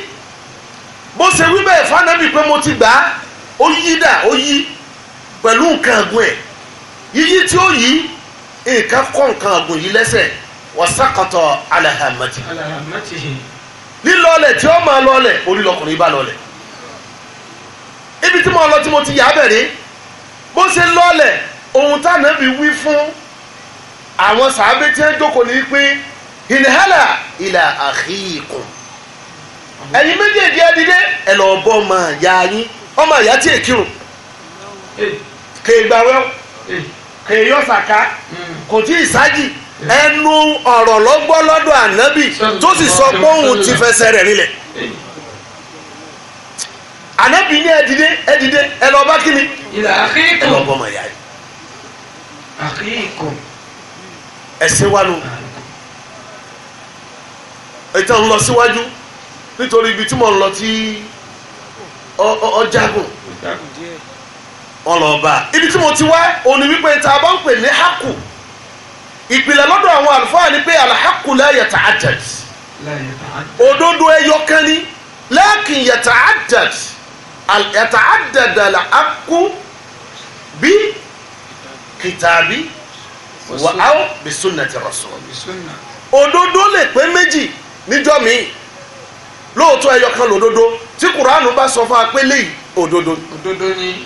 bó ṣe wí bẹ́ẹ̀ fanabi pé mo ti gbà á ó yí dà ó yí pẹ̀lú nǹkan àgùn ẹ̀ yíyí tí ó yí nǹkan kọ́ nǹkan àgùn yìí lẹ́sẹ̀ wọ́n sàkọ̀tọ̀ alahamati lílọ́ọ̀lẹ̀ tí ó máa lọ́ọ̀lẹ̀ orí lọkùnrin bá lọ́ọ̀lẹ̀ ibi tí mo lọ tí mo ti yà á bẹ̀rẹ̀ bó ṣe lọ́ọ̀lẹ̀ ohun táwọn ẹbí wí fún àwọn sàábé tí ń jókòó ní pé inhala ila akhikum ẹ̀yin méjèèjì ẹ dìde ẹ lọ bọ́ ọmọ ìyá yín ọmọ ìyá tí èkìrùn kèégbàwẹ́ hmm. kèéyọ̀sàká hmm. kò tí ì sájì ẹnu ọ̀rọ̀ ló gbọ́ lọ́dọ̀ ànábì tó sì sọ pé òun ti hmm. fẹsẹ̀ rẹ̀ rinlẹ̀ ànábì ní ẹdìdé ẹdìdé ẹ lọ bá kíni ẹ lọ bọ́ ọmọ ìyá rẹ̀ ẹsẹ̀ wà lóhùn ètò ń lọ síwájú nítorí ibi tí mo ń lọ tí ọjàgùn wọn lọ bá a. ibi tí mo ti wá òní wípé tá a bá ń pè ní haku ìpìlẹ̀ lọ́dọ̀ àwọn àlùfáà ni pé alhaku la yata'addad òdodo ẹyọ kan ni lakin yata'addad yata'addad alhaku bí kìtàbí wa aw bí sunnati rasul òdodo lè pé méjì níjọ́ mi lóòótọ́ ẹyọ kan lòdodo tí kuranu bá sọ fún wa pé léyìí òdodo. òdodo ni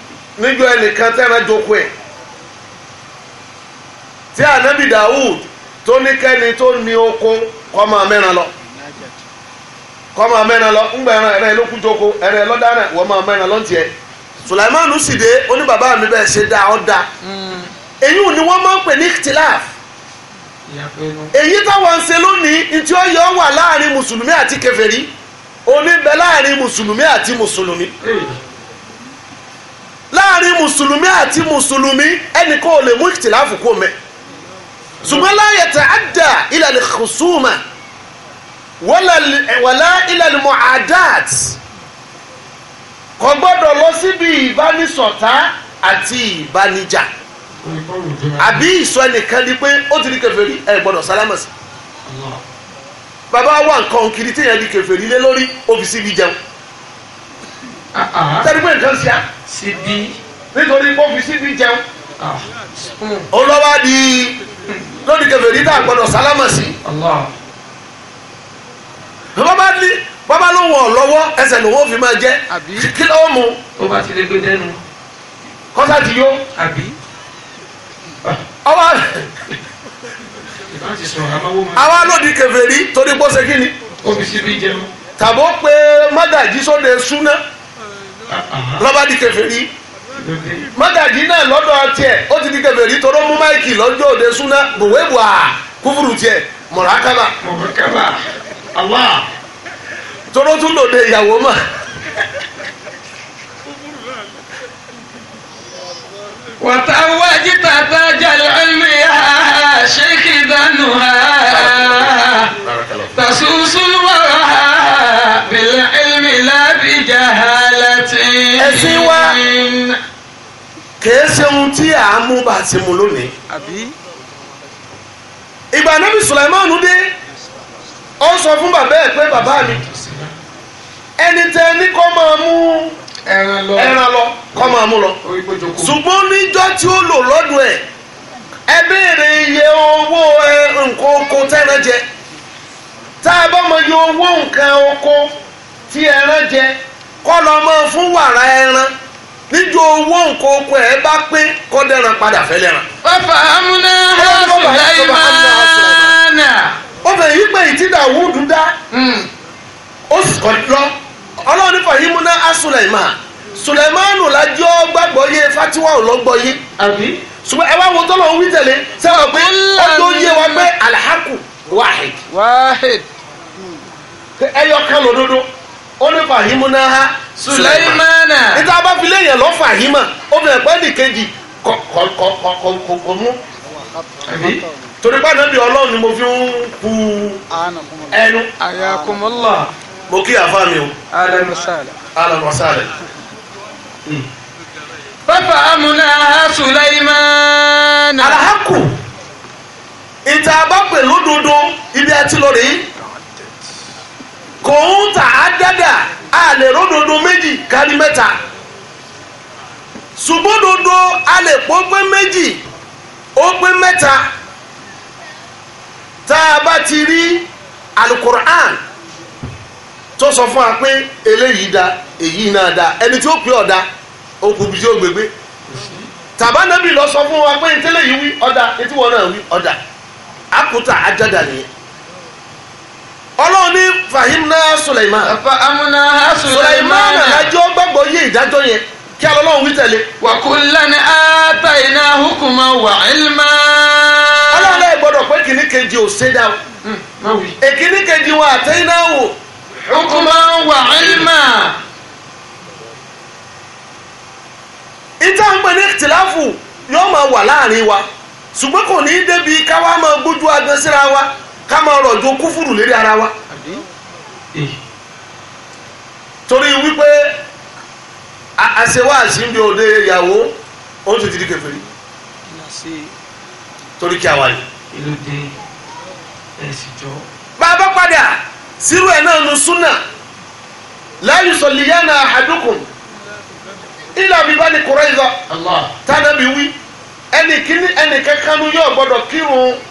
níjọ́ ẹnìkan tẹ́ran jókòó ẹ̀ tí ànábì Dawud tó ní kẹ́ni tó ní oko kọ́ máa mẹ́ran lọ kọ́ máa mẹ́ran lọ ńgbà ẹran ẹ̀rẹ́ ló kú jókòó ẹ̀rẹ́ lọ́dáràn wọ́n máa mẹ́ran lọ́ntiẹ̀ Sùlàìmánù sì dé oníbàbá mi bẹ́ẹ̀ ṣe dá ọ́ dá èyí ni wọ́n máa ń pè ní tìláàf èyí táwọn ń ṣe lónìí tí ó yọ wà láàrin mùsùlùmí àti kèfèrí oníbẹ̀ láàrin mùsùlùmí àti mùsùlùmí. Hey láàrin mùsùlùmí àti mùsùlùmí ẹnì kan ò lè mú ìtìláàfù kó mẹ́ ṣùgbọ́n la yata'adda ila al-khusuma wala ila al-mu'adat kò gbọ́dọ̀ lọ síbi ìbánisọ̀tá àti ìbánijà àbí ìsọ ẹnìkan di pé ó ti di kèfèrí ẹ gbọ́dọ̀ sálámà sí bàbá wa nǹkan kiri téèyàn di kèfèrí lé lórí ó fi síbi jẹun. Uh-huh. sẹ́ni pé nǹkan ṣíà síbi nítorí kó fi síbi jẹun olọ́wà ah. hmm. di lórí kẹfẹ́rí tá a gbọ́dọ̀ sálámà sí. bàbá ní bàbá ló wọ̀ lọ́wọ́ ẹsẹ̀ ló wọ́n fi máa jẹ́ kí ló mú. tó bá ti lè gbé dẹnu. kọ́sá ti yó. àwa àwa lòdì kẹfẹ́rí torí gbọ́sẹ̀ kí ni. tàbó pé mádàjí sóde súná. lọba di kèfèrí mọ́gàjì náà lọ́dọ̀ tiẹ̀ ó ti di kèfèrí tọ́rọ mú máìkì lọ́jọ́ òde súná bùwébùà kúfùrù tiẹ̀ mọ̀rákábà mọ̀rákábà Allah tọ́rọ tún lòde ìyàwó mà. ẹ̀sìn wa kìí ṣe ohun tí à ń mú bá a ṣe mu lónìí. ìgbà nábì sùlẹ̀mánù dé ó sọ fún bàbá ẹ̀ pé bàbá mi ẹni tẹ ní kọ́ máa mú ẹran lọ kọ́ máa mú lọ ṣùgbọ́n níjọ́ tí ó lò lọ́dún ẹ̀ ẹ béèrè iye owó nǹkan oko tẹ́ran jẹ tá a bá mọ iye owó nǹkan oko tí ẹran jẹ kọ́ lọ mọ́ fún wàrà ẹran níjọ owó nǹkan oko ẹ bá pé kọ́ dẹ́ran padà fẹ́ lẹ́ran. bàbá amúná ó fẹ̀ yí pé ìtìdá wúdú dá hmm. ó sì kọ́ lọ ọlọ́run nípa yìí múná asùláìmá sùláìmánù lájọ́ gbàgbọ́ yé fatiwa ò lọ́gbọ́ yé. ṣùgbọ́n ẹ wá wo tọ́lọ̀ ń wí tẹ̀lé sẹ́wọ̀n pé ọjọ́ yé wa pé wahid. ó ní fàhímù náà ha sùlẹ́mánà níta bá fi léèyàn lọ fàhímà obìnrin pẹ́ nìkejì kọ̀kọ̀kọ̀kọ̀ mú torí pé ànábì ọlọ́run ni mo fi ń ku ẹnu. àyàkùmọ́lá. mo kí àfa mi o. alamisale. alamisale. pápá amúná sùlẹ́mánà. alahaku ìta bá pè lódodo ibi ẹtí lórí kò ń á dẹ́dà a lè ródodo méjì kárí mẹ́ta ṣùgbọ́n a lè pọ́ pé méjì ó pé mẹ́ta tá a bá ti rí alukur'an tó sọ fún wa pé eléyìí da èyí náà da ẹni tí ó pè ọ̀dà okùn bí tí ó gbégbé tàbá nàbì lọ sọ fún wa pé ntẹ́lẹ̀ yìí wí ọ̀dà etí wọn náà wí ọ̀dà àkútà àjàdà nìyẹn. ọlọ́run ní fahimna suleiman suleiman alájọ gbàgbọ́ yé ìdájọ́ yẹn kí alọ́lọ́run wí tẹ̀lé. wa kullan wa ilma. ọlọ́run ẹ gbọ́dọ̀ pé kìíní kejì ò ṣe dá o hmm, kejì wọn wò. hukuma wa ilma. ita ń ní tìláfù yóò máa wà láàrin wa ṣùgbọ́n kò ní í débi káwá máa wa. ká máa rọ̀jò kúfùrù lérí ara wa eh. torí wípé àṣewáàsí ń bí òde ìyàwó ó ti di kèfèrí torí kí a wà ní. bàbá padà sírú ẹ̀ náà nu súnà láyé sọ̀lìyànà àdúkùn ilà bíbá ni kúrẹ́ ìzọ tánàbí wí ẹnì kíní ẹnì kankan yóò gbọ́dọ̀ kírun.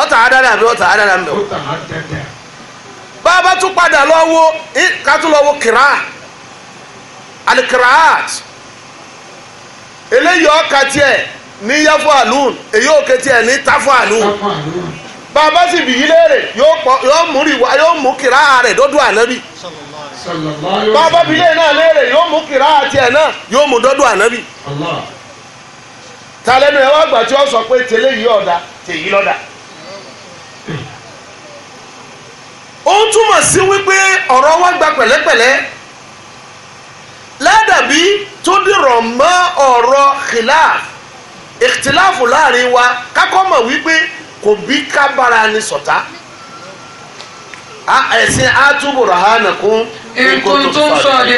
ọ̀tà adara àbí ọ̀tà adara àmì ọ̀ bàbá tún padà lọ́wọ́ kátó lọ́wọ́ kìrá alikiraat eléyìí ọkà tiẹ̀ ní eyi oke èyí òkè tiẹ̀ ní tafọ àlùn bàbá sì bì í léèrè yóò mú rìwá yóò mú kìrá rẹ̀ dọ́dọ̀ ànábì bàbá bì wá sọ ó túmọ̀ sí wípé ọ̀rọ̀ wa gba pẹ̀lẹ́pẹ̀lẹ́ ládàbí tó dìrọ̀ mọ́ ọ̀rọ̀ khilaf ìtìláàfù láàrin wa kákọ́ mọ̀ wípé kò bí ká bára ni sọ̀tá ẹ̀sìn àtúbọ̀rọ̀ hànà kún nǹkan tó sọ̀rọ̀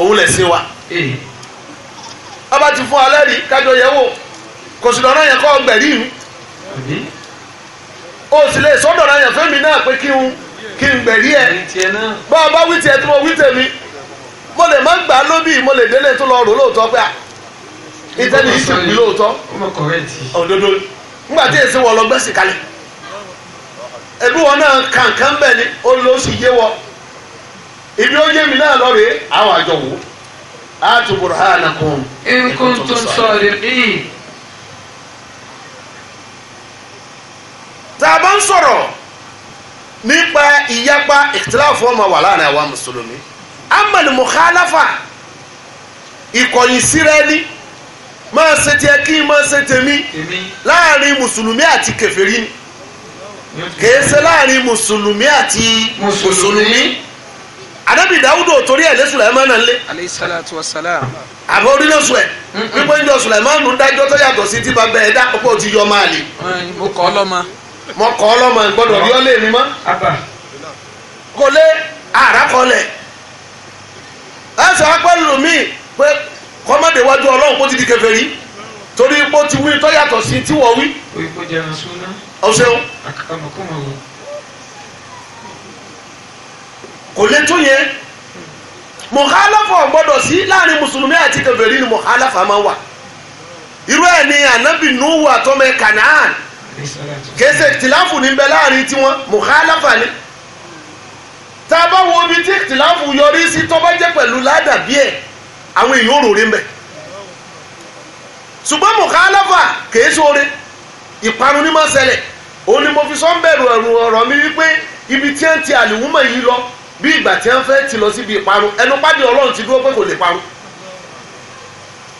òun lẹ̀sìn wa ọba eh. ti fún alẹ́ rí kájọ yẹ̀ wò kò sì lọ́nà yẹn kọ́ ọgbẹ̀rí o sì lè sọ́dọ̀ náà yẹn fẹ́mi náà pé kí n. kí n gbẹ̀rí ẹ̀ bá tí mo wí mi mo lè má gbà délé tó lọ rò lóòótọ́ pé ah, ìtẹ́ni yìí sì wí lóòótọ́ òdodo nígbà tí èsì wọ lọ gbẹ́sì kalẹ̀ ẹbí ni yé wọ ibi ó mi náà lọ àwọn àjọ wò á tá a bá ń nípa ìyapa ìtìláfù ọmọ wà láàrin àwa mùsùlùmí amẹ̀lì mùkálàfà ìkọ̀yìn síra ẹni máa ṣe tiẹ̀ kí máa ṣe tèmi láàrin mùsùlùmí àti kèfèrí ni kìí ṣe láàrin mùsùlùmí àti mùsùlùmí anabi dawudu torí ẹ lé sulaimana lé. aleyhi salatu wa salam. àbọ̀ orí lọ sùn ẹ̀ wípé dájọ́ tó yàtọ̀ sí ti bàbá ẹ̀ dá ọ̀pọ̀ ti yọ máa lè. mo kọ́ ọ lọ́mọ mọ kọ ọlọmọ gbọ́dọ̀ rí ọ lè rí mọ kò lé àràkọlẹ ẹ sọ apẹ lomi pé kọmọdé wájú Ọlọ́run kó ti di kèfèrí torí ipò ti wí tó yàtọ̀ sí tí wọ́n wí. òyìnbó jẹun súná. ọ̀sẹ̀wọ̀n. àkàkọ́mọkọ́mọ wò. kò lè tún yẹn mọ̀hálàfà gbọ́dọ̀ sí láàrin mùsùlùmí àti kèfèrí ni mọ̀hálàfà máa wà irú ẹ̀ ni ànábì Nuhu àtọ́mẹ Kanaan kése tìláfù ní bẹ láàrin tiwọn mùkálàfà ni tá a bá wo ibi tí tìláfù yọrí sí tó bá jẹ́ pẹ̀lú ládàbí ẹ̀ àwọn èèyàn ò rọrẹ́ mbẹ̀ ṣùgbọ́n mùkálàfà kèé sóore ìparun ní máa ṣẹlẹ̀ òun ni mo fi sọ ẹ̀rù ọ̀rọ̀ mi wípé ibi tí ń ti àlìwúmọ̀ yìí lọ bí ìgbà tí wọ́n fẹ́ ti lọ síbi ìparun ẹnu pàdé ọlọ́run ti dúró pé kò lè parun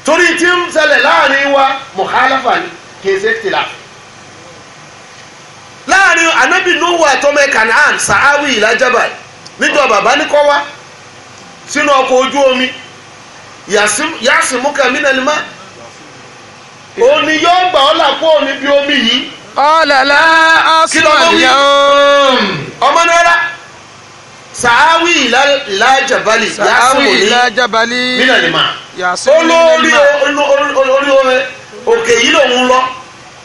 torí tí ń ṣẹlẹ̀ láàrin wa mùkálàfà ni kèé ṣe tìláfù láàrin anabi nuhu àtọmọ kanaan sàáwì ìlàjàbà níjọ bàbá ní kọ́ wá sínú ọkọ̀ ojú omi yàsímúkà mínàlímà òun ni yóò gbà ọ́ làpọ̀ òní bí omi yìí. ọ̀làlá ọ̀sùnmọ̀lẹ́yà ọmọ náírà sàáwì ìlàjàbálì yàsímúkà mínàlímà olórí òkè yìí lòun lọ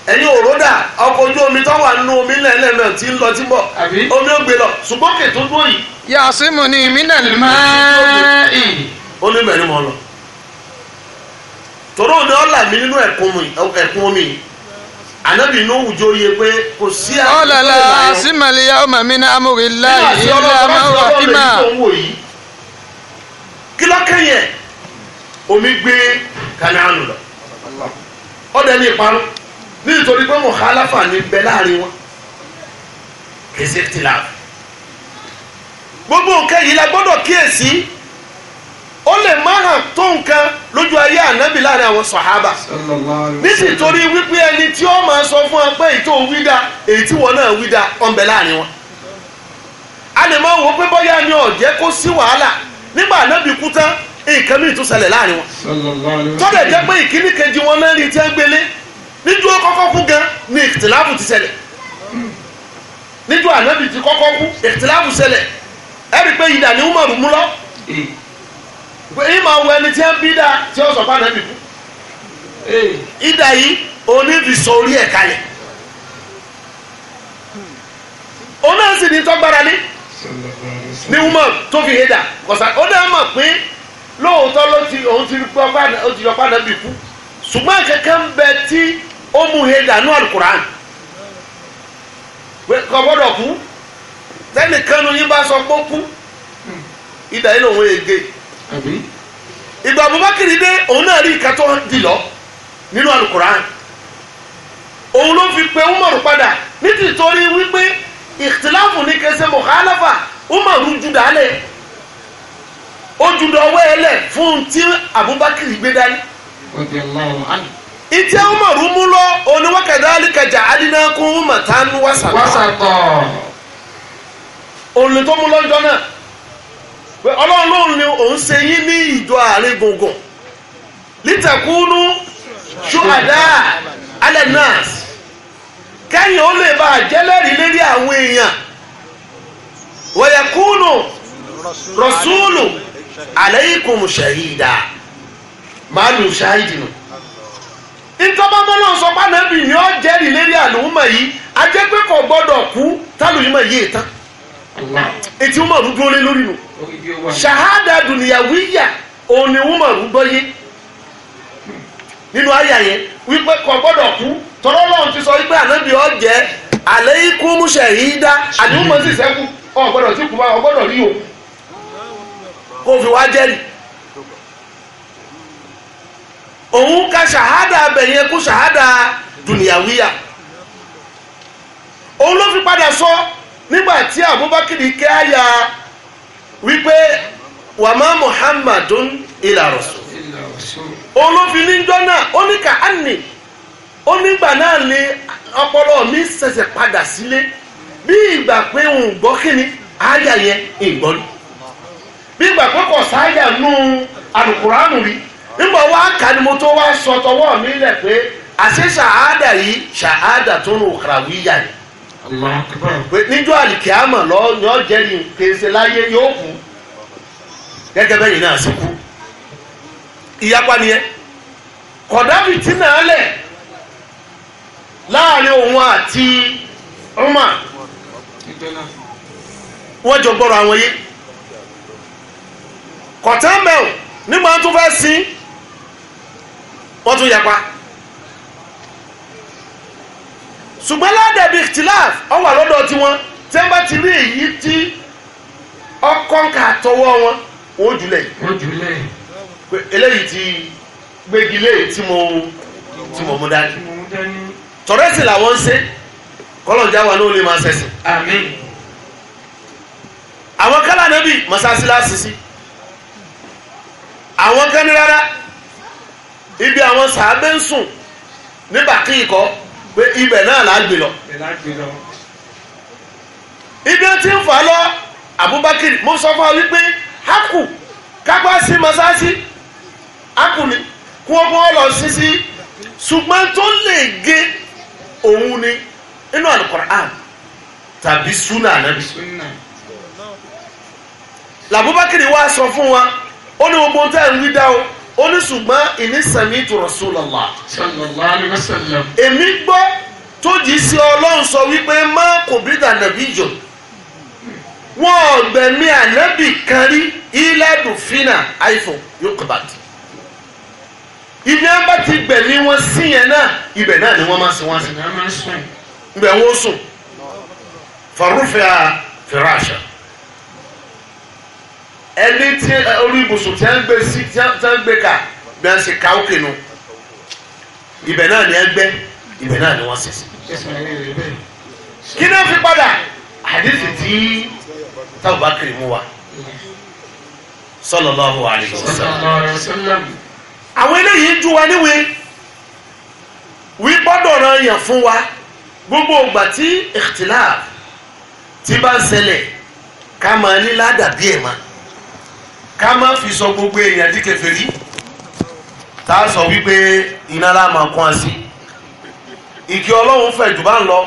ẹ̀yin òródà ọkọ̀ ojú omi tó wà nínú omi lẹ́lẹ́ náà ti ń lọ tí ń bọ̀ omi ó gbé lọ ṣùgbọ́n kè tó dúró yìí. yàtí mo ní ìmínà lè máa ì. ó ní bẹ̀rẹ̀ mọ́ lọ tòró ni ọ̀là mi nínú ẹ̀kún omi ànábì inú òwùjọ yẹ pé kò sí àwọn ọ̀là la símàlì ọmọ mi ní amúrí láì ilé amáwá ìmà. kí yẹn omi gbé kanáà nù lọ ọ̀dẹ̀ ní ìparun nítorí pé mọ̀hálàfà ní bẹ láàrin wọn kì ti là. gbogbo nǹkan yìí la gbọ́dọ̀ kíyèsí ó lè má hàn tó nǹkan lójú ayé ànábì láàrin àwọn sọ̀hábà nítorí wípé ẹni tí ó máa sọ fún wa pé èyí tó wí da èyí tí wọn náà wí da ó ń bẹ láàrin wọn. a lè máa wò ó pé bóyá ni ó jẹ́ kó sí wàhálà nígbà ànábì kú tán nǹkan mìíràn tún ṣẹlẹ̀ láàrin wọn. tọ́lẹ̀ jẹ́ pé ìkíní kejì wọn náà rí tí wọ́n gbélé níjú ó kọ́kọ́ kú gan ni ìtìláàbù ti ṣẹlẹ̀ níjú ànábì ti kọ́kọ́ kú ìtìláàbù ṣẹlẹ̀ ẹ̀rí pé ìdá ni umaru mú lọ pé ìmọ̀ wọ ẹni tí ẹ ń bí dáa tí ó sọ fún ànábì kú ìdá yìí onífìsọ orí ẹ̀ kalẹ̀ òun náà sì ní tọ́gbára ní ní woman tó fi hẹ́dà kọ̀sà ó náà mọ̀ pé lóòótọ́ ló ti òun ti gbọ́ pàdé ó ti yọ ṣùgbọ́n kankan bẹ tí ó mú he dànù alukuran kò gbọ́dọ̀ kú tẹnìkan ní yín bá sọ pé ó kú ìdá yìí lòun ège ìgbà Abubakar dé òun náà rí ìka tó di lọ nínú alukuran òun ló fi pe Umaru padà nítorí wípé ìtìláfù ní kẹsẹ mọ̀kálàfà Umaru juda dálẹ̀ ó jù dọ̀wọ́ ẹ lẹ̀ fún tí Abubakar gbé dání ìtí Umaru mú lọ òní wa kadhalika ja'alnakum ummatan wasatan. òní tó mú lọ́jọ́ náà ọlọ́run lóun ni òun ṣe yín ní ìjọ àárín gbùngbùn litakunu shuhada ala nas kẹ́yìn ó lè bá àjẹ́lẹ́rìí lérí àwọn èèyàn wa yakunu rasulu alaykum shahida màálù ṣáhídì nù ntọ́bámọ́ náà sọ pé nàbì ni ó jẹ́rìí lérí àlùmọ̀ yìí ajẹ́ pé kò gbọ́dọ̀ kú tálùmọ̀ yìí tán ètí wọn mọ̀rún dúró lé lórí nu ṣahada dùnìyàwíyà òun ni wọn mọ̀rún gbọ́yé nínú àyà yẹn wípé kò gbọ́dọ̀ kú tọ́lọ́ lọ́run ti sọ wípé ànábì ó jẹ́ aleikum shahida àdìmọ́ sì sẹ́kù ó sí kù bá rí o kó fi wá jẹ́rìí òun ka ṣàhádà abẹ yẹn kú ṣàhádà dùnìyàwíyà òun ló fi padà sọ nígbà tí abubakiri kẹ́ àyà wípé wàmà muhammadun ila rasul òun ló fi níjọ́ náà ó ní ká ànì ó nígbà náà ni ọpọlọ mi ṣẹ̀ṣẹ̀ padà sílé bí ìgbà pé òun gbọ́ kíni àyà yẹn ìgbọ́n bí ìgbà pé kò sáyà nígbà wa kà ni mo tó wá sọ tọwọ́ mi lẹ̀ pé àṣé ṣàádà yìí ṣàádà tó rò kàràwí yà ni. níjọ́ àlìkíámà lọ ni ó jẹ́rìí kèsè láyé yóò kú gẹ́gẹ́ bẹ́yìn náà sì kú ìyapa nìyẹn kọ̀dábì tí náà lẹ̀ láàrin òun àti ọmọ wọ́n jọ gbọ́rọ̀ àwọn yé kọ̀tẹ́mbẹ̀l nígbà tó fẹ́ sin wọ́n tún yapa ṣùgbọ́n ládàbí ikhtilaf ó wà lọ́dọ̀ tiwọn tí wọ́n bá ti rí èyí tí ọkọ̀ǹkà tọwọ́ wọn ó jùlẹ̀ eléyìí ti gbégi lé tí mo tí mo mú dání tọ̀rẹ́sì làwọn ń ṣe kọ́lọ̀jà wa ló lè máa ṣẹ̀sìn. àmín. àwọn kálá nábì láṣìṣí àwọn kan rárá ibi àwọn sàábẹ́ ń sùn nígbà kí ikọ̀ pé ibẹ̀ náà là á gbé lọ. ibi tí ń fà lọ Abubakar mo sọ fún ọ wípé haku kápá sí masasi haku ni kí wọ́n bọ́ lọ sí sí ṣùgbọ́n tó lè gé òun ni inú alukoran tàbí suna anabi làbúbákìrì wa sọ fún wa ó ní gbogbo ohun tẹ́ ẹ̀ ń wí dá o ó ní ṣùgbọ́n ìní sẹ̀mí tu Rasulullah. sallallahu alaihi wasallam. èmi gbọ́ tó jí sí ọlọ́run sọ wípé má kò bí dànàbí jò wọn ọ̀gbẹ̀mí ànábì kan rí iládùfínà àìfò yókùbàt. ibi wọn bá ti gbẹ̀mí wọn sí yẹn náà ibẹ̀ náà ni wọ́n máa sin wọn sí. ibẹ̀ wọ́n sùn. farufia firasha ẹni tí orí ibùsùn tí a ń gbé sí tí a ń gbé ká bí a ń ṣe káwókè nu ibẹ̀ náà ni ẹ gbẹ́ ibẹ̀ náà ni wọ́n ṣe sí. kí náà fi padà àdìsí tí táwọn bá kiri mú wa sallallahu alaihi wasallam. àwọn eléyìí ń ju wa níwèé wí gbọ́dọ̀ ràn yàn fún wa gbogbo ìgbà tí ikhtilaf ti bá ń ṣẹlẹ̀ ká máa ní ládàbí ẹ̀ máa ká má fi sọ gbogbo èèyàn di kèfèrí tá a sọ wípé iná la máa kún sí ìkí ọlọ́run fẹ̀ jù bá ń lọ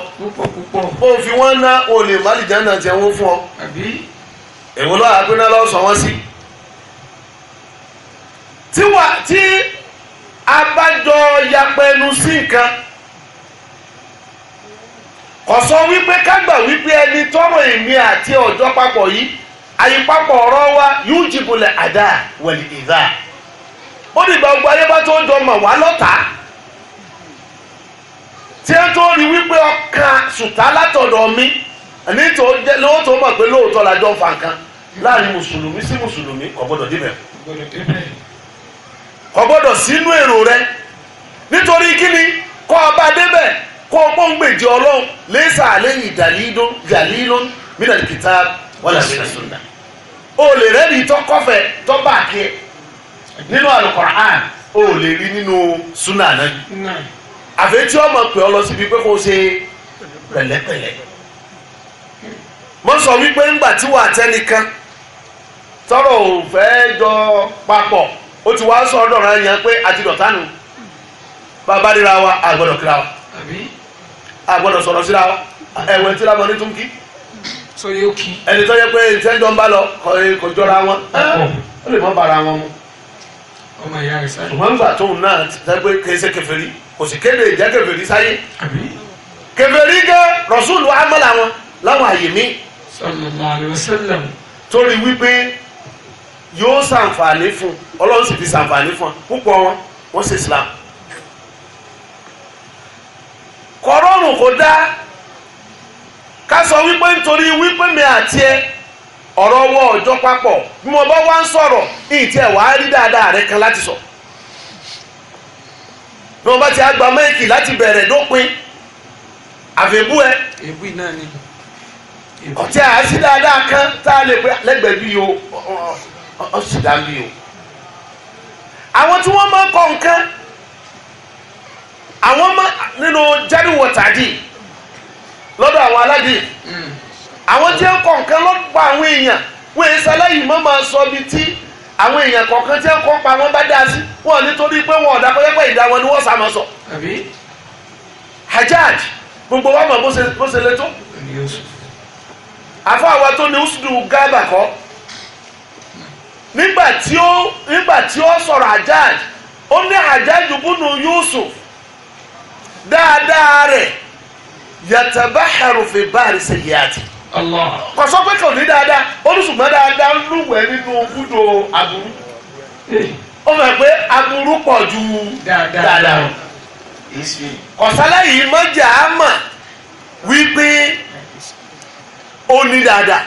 ó fi wọ́n ná olè málìjà náà tiẹ̀ wọ́n fún ọ èwo lọ́wọ́ àpínná lọ́wọ́ sọ wọ́n sí. tiwa tí abájọ yapẹnu sí nǹkan kò sọ wípé ká wípé ẹni tọrọ èmi àti ọjọ́ papọ̀ yìí àyípapọ̀ ọrọ wa yóò jìbùlẹ̀ àdá wẹ̀lì ìdá ó ní ìgbà gbogbo tó ń tó wípé ọkàn sùtá látọ̀dọ̀ mi nítorí lówó tó ma pé lóòótọ́ la láàrin mùsùlùmí sí mùsùlùmí kò gbọ́dọ̀ débẹ̀ sínú èrò rẹ nítorí kíni kọ́ ọba débẹ̀ kọ́ ọgbọ́n gbèjì ọlọ́run lẹ́sà lẹ́yìn ìdàlídó wọ́n sì fẹ́ sunna. o lè rẹ́ni tọkọfẹ tọ́bàkì nínú alukoran o lè rí nínú sunna náà àfẹ́tí ọmọ pè ọ lọ síbi pé kò ṣe pẹ̀lẹ́pẹ̀lẹ́ mọ́ sọ wípé ńgbà tí wà á tẹ́nìkan tọrọ ò fẹ́ jọ papọ̀ ó ti wá sọ ọdọ̀ rẹ̀ yẹn pé àti dọ̀tánu bàbá ríra wa àgbọ̀dọ̀ kíra wa àgbọ̀dọ̀ sọ̀rọ̀ síra wa ẹ̀wẹ̀ tí ní túnkì sórí òkì. ẹni tó yẹ pé ìtẹ́jọ́ ń bá lọ kò jọra wọn ó lè mọ bàrà wọn mu. ọmọ ìyá rẹ sáyé. ṣùgbọ́n nígbà tóun náà ti sẹ́ pé kìí ṣe kèfèrí kò sì kéde ìjẹ́ kèfèrí sáyé. kèfèrí gẹ́ rọ̀ṣúlù amọ́là wọn láwọn àyè mi. sallallahu alaihi wasallam. torí wípé yóò ṣàǹfààní fún ọlọ́run sì ti ṣàǹfààní fún púpọ̀ wọn wọ́n sì Islam. kọ́rọ́ọ̀nù kò dáa ká sọ wípé nítorí wípé mi àti ẹ ọ̀rọ̀ wọ ọjọ́ papọ̀ bí mo bá wá ń sọ̀rọ̀ ìtì ẹ̀ wàá rí dáadáa rẹ kan láti sọ bí mo bá ti àgbà mẹ́ẹ̀kì láti bẹ̀rẹ̀ dópin àfẹ́bú ẹ ọtí àásí dáadáa kan tá a lè pẹ́ lẹ́gbẹ̀ẹ́ bí o ọ̀sì dá bí o àwọn tí wọ́n máa ń kọ nǹkan àwọn máa nínú jẹ́rìwọ̀tàdì. No, lọ́dọ̀ àwọn aládìí mm. àwọn tí ń kọ nǹkan ló àwọn èèyàn wọ́n èyí sáláyìí mọ́ máa sọ ibi tí àwọn èèyàn kọ̀ọ̀kan tí ń kọ́ pa wọ́n bá dá sí wọ́n nítorí pé wọ́n ọ̀dà pẹ́pẹ́ ìdá wọn ni wọ́n sá máa sọ. hajjaj gbogbo wa mọ̀ bó ṣe lè tó. àfọ àwa tó ní usdu gábà kọ́ nígbà tí ó nígbà tí ó sọ̀rọ̀ hajjaj ó ní hajjaj búnú Yusuf dáadáa rẹ̀ yatabaharu fi báàrí sayyiati. kò sọ pé kò ní dáadáa olùsùnmọ́ dáadáa ń lúwẹ̀ẹ́ nínú búdò aburú. Eh. ó fẹ́ pé aburú pọ̀ ju dáadáa lọ. kọ̀sálá yìí mọ́jà á mọ̀ wípé ó ní dáadáa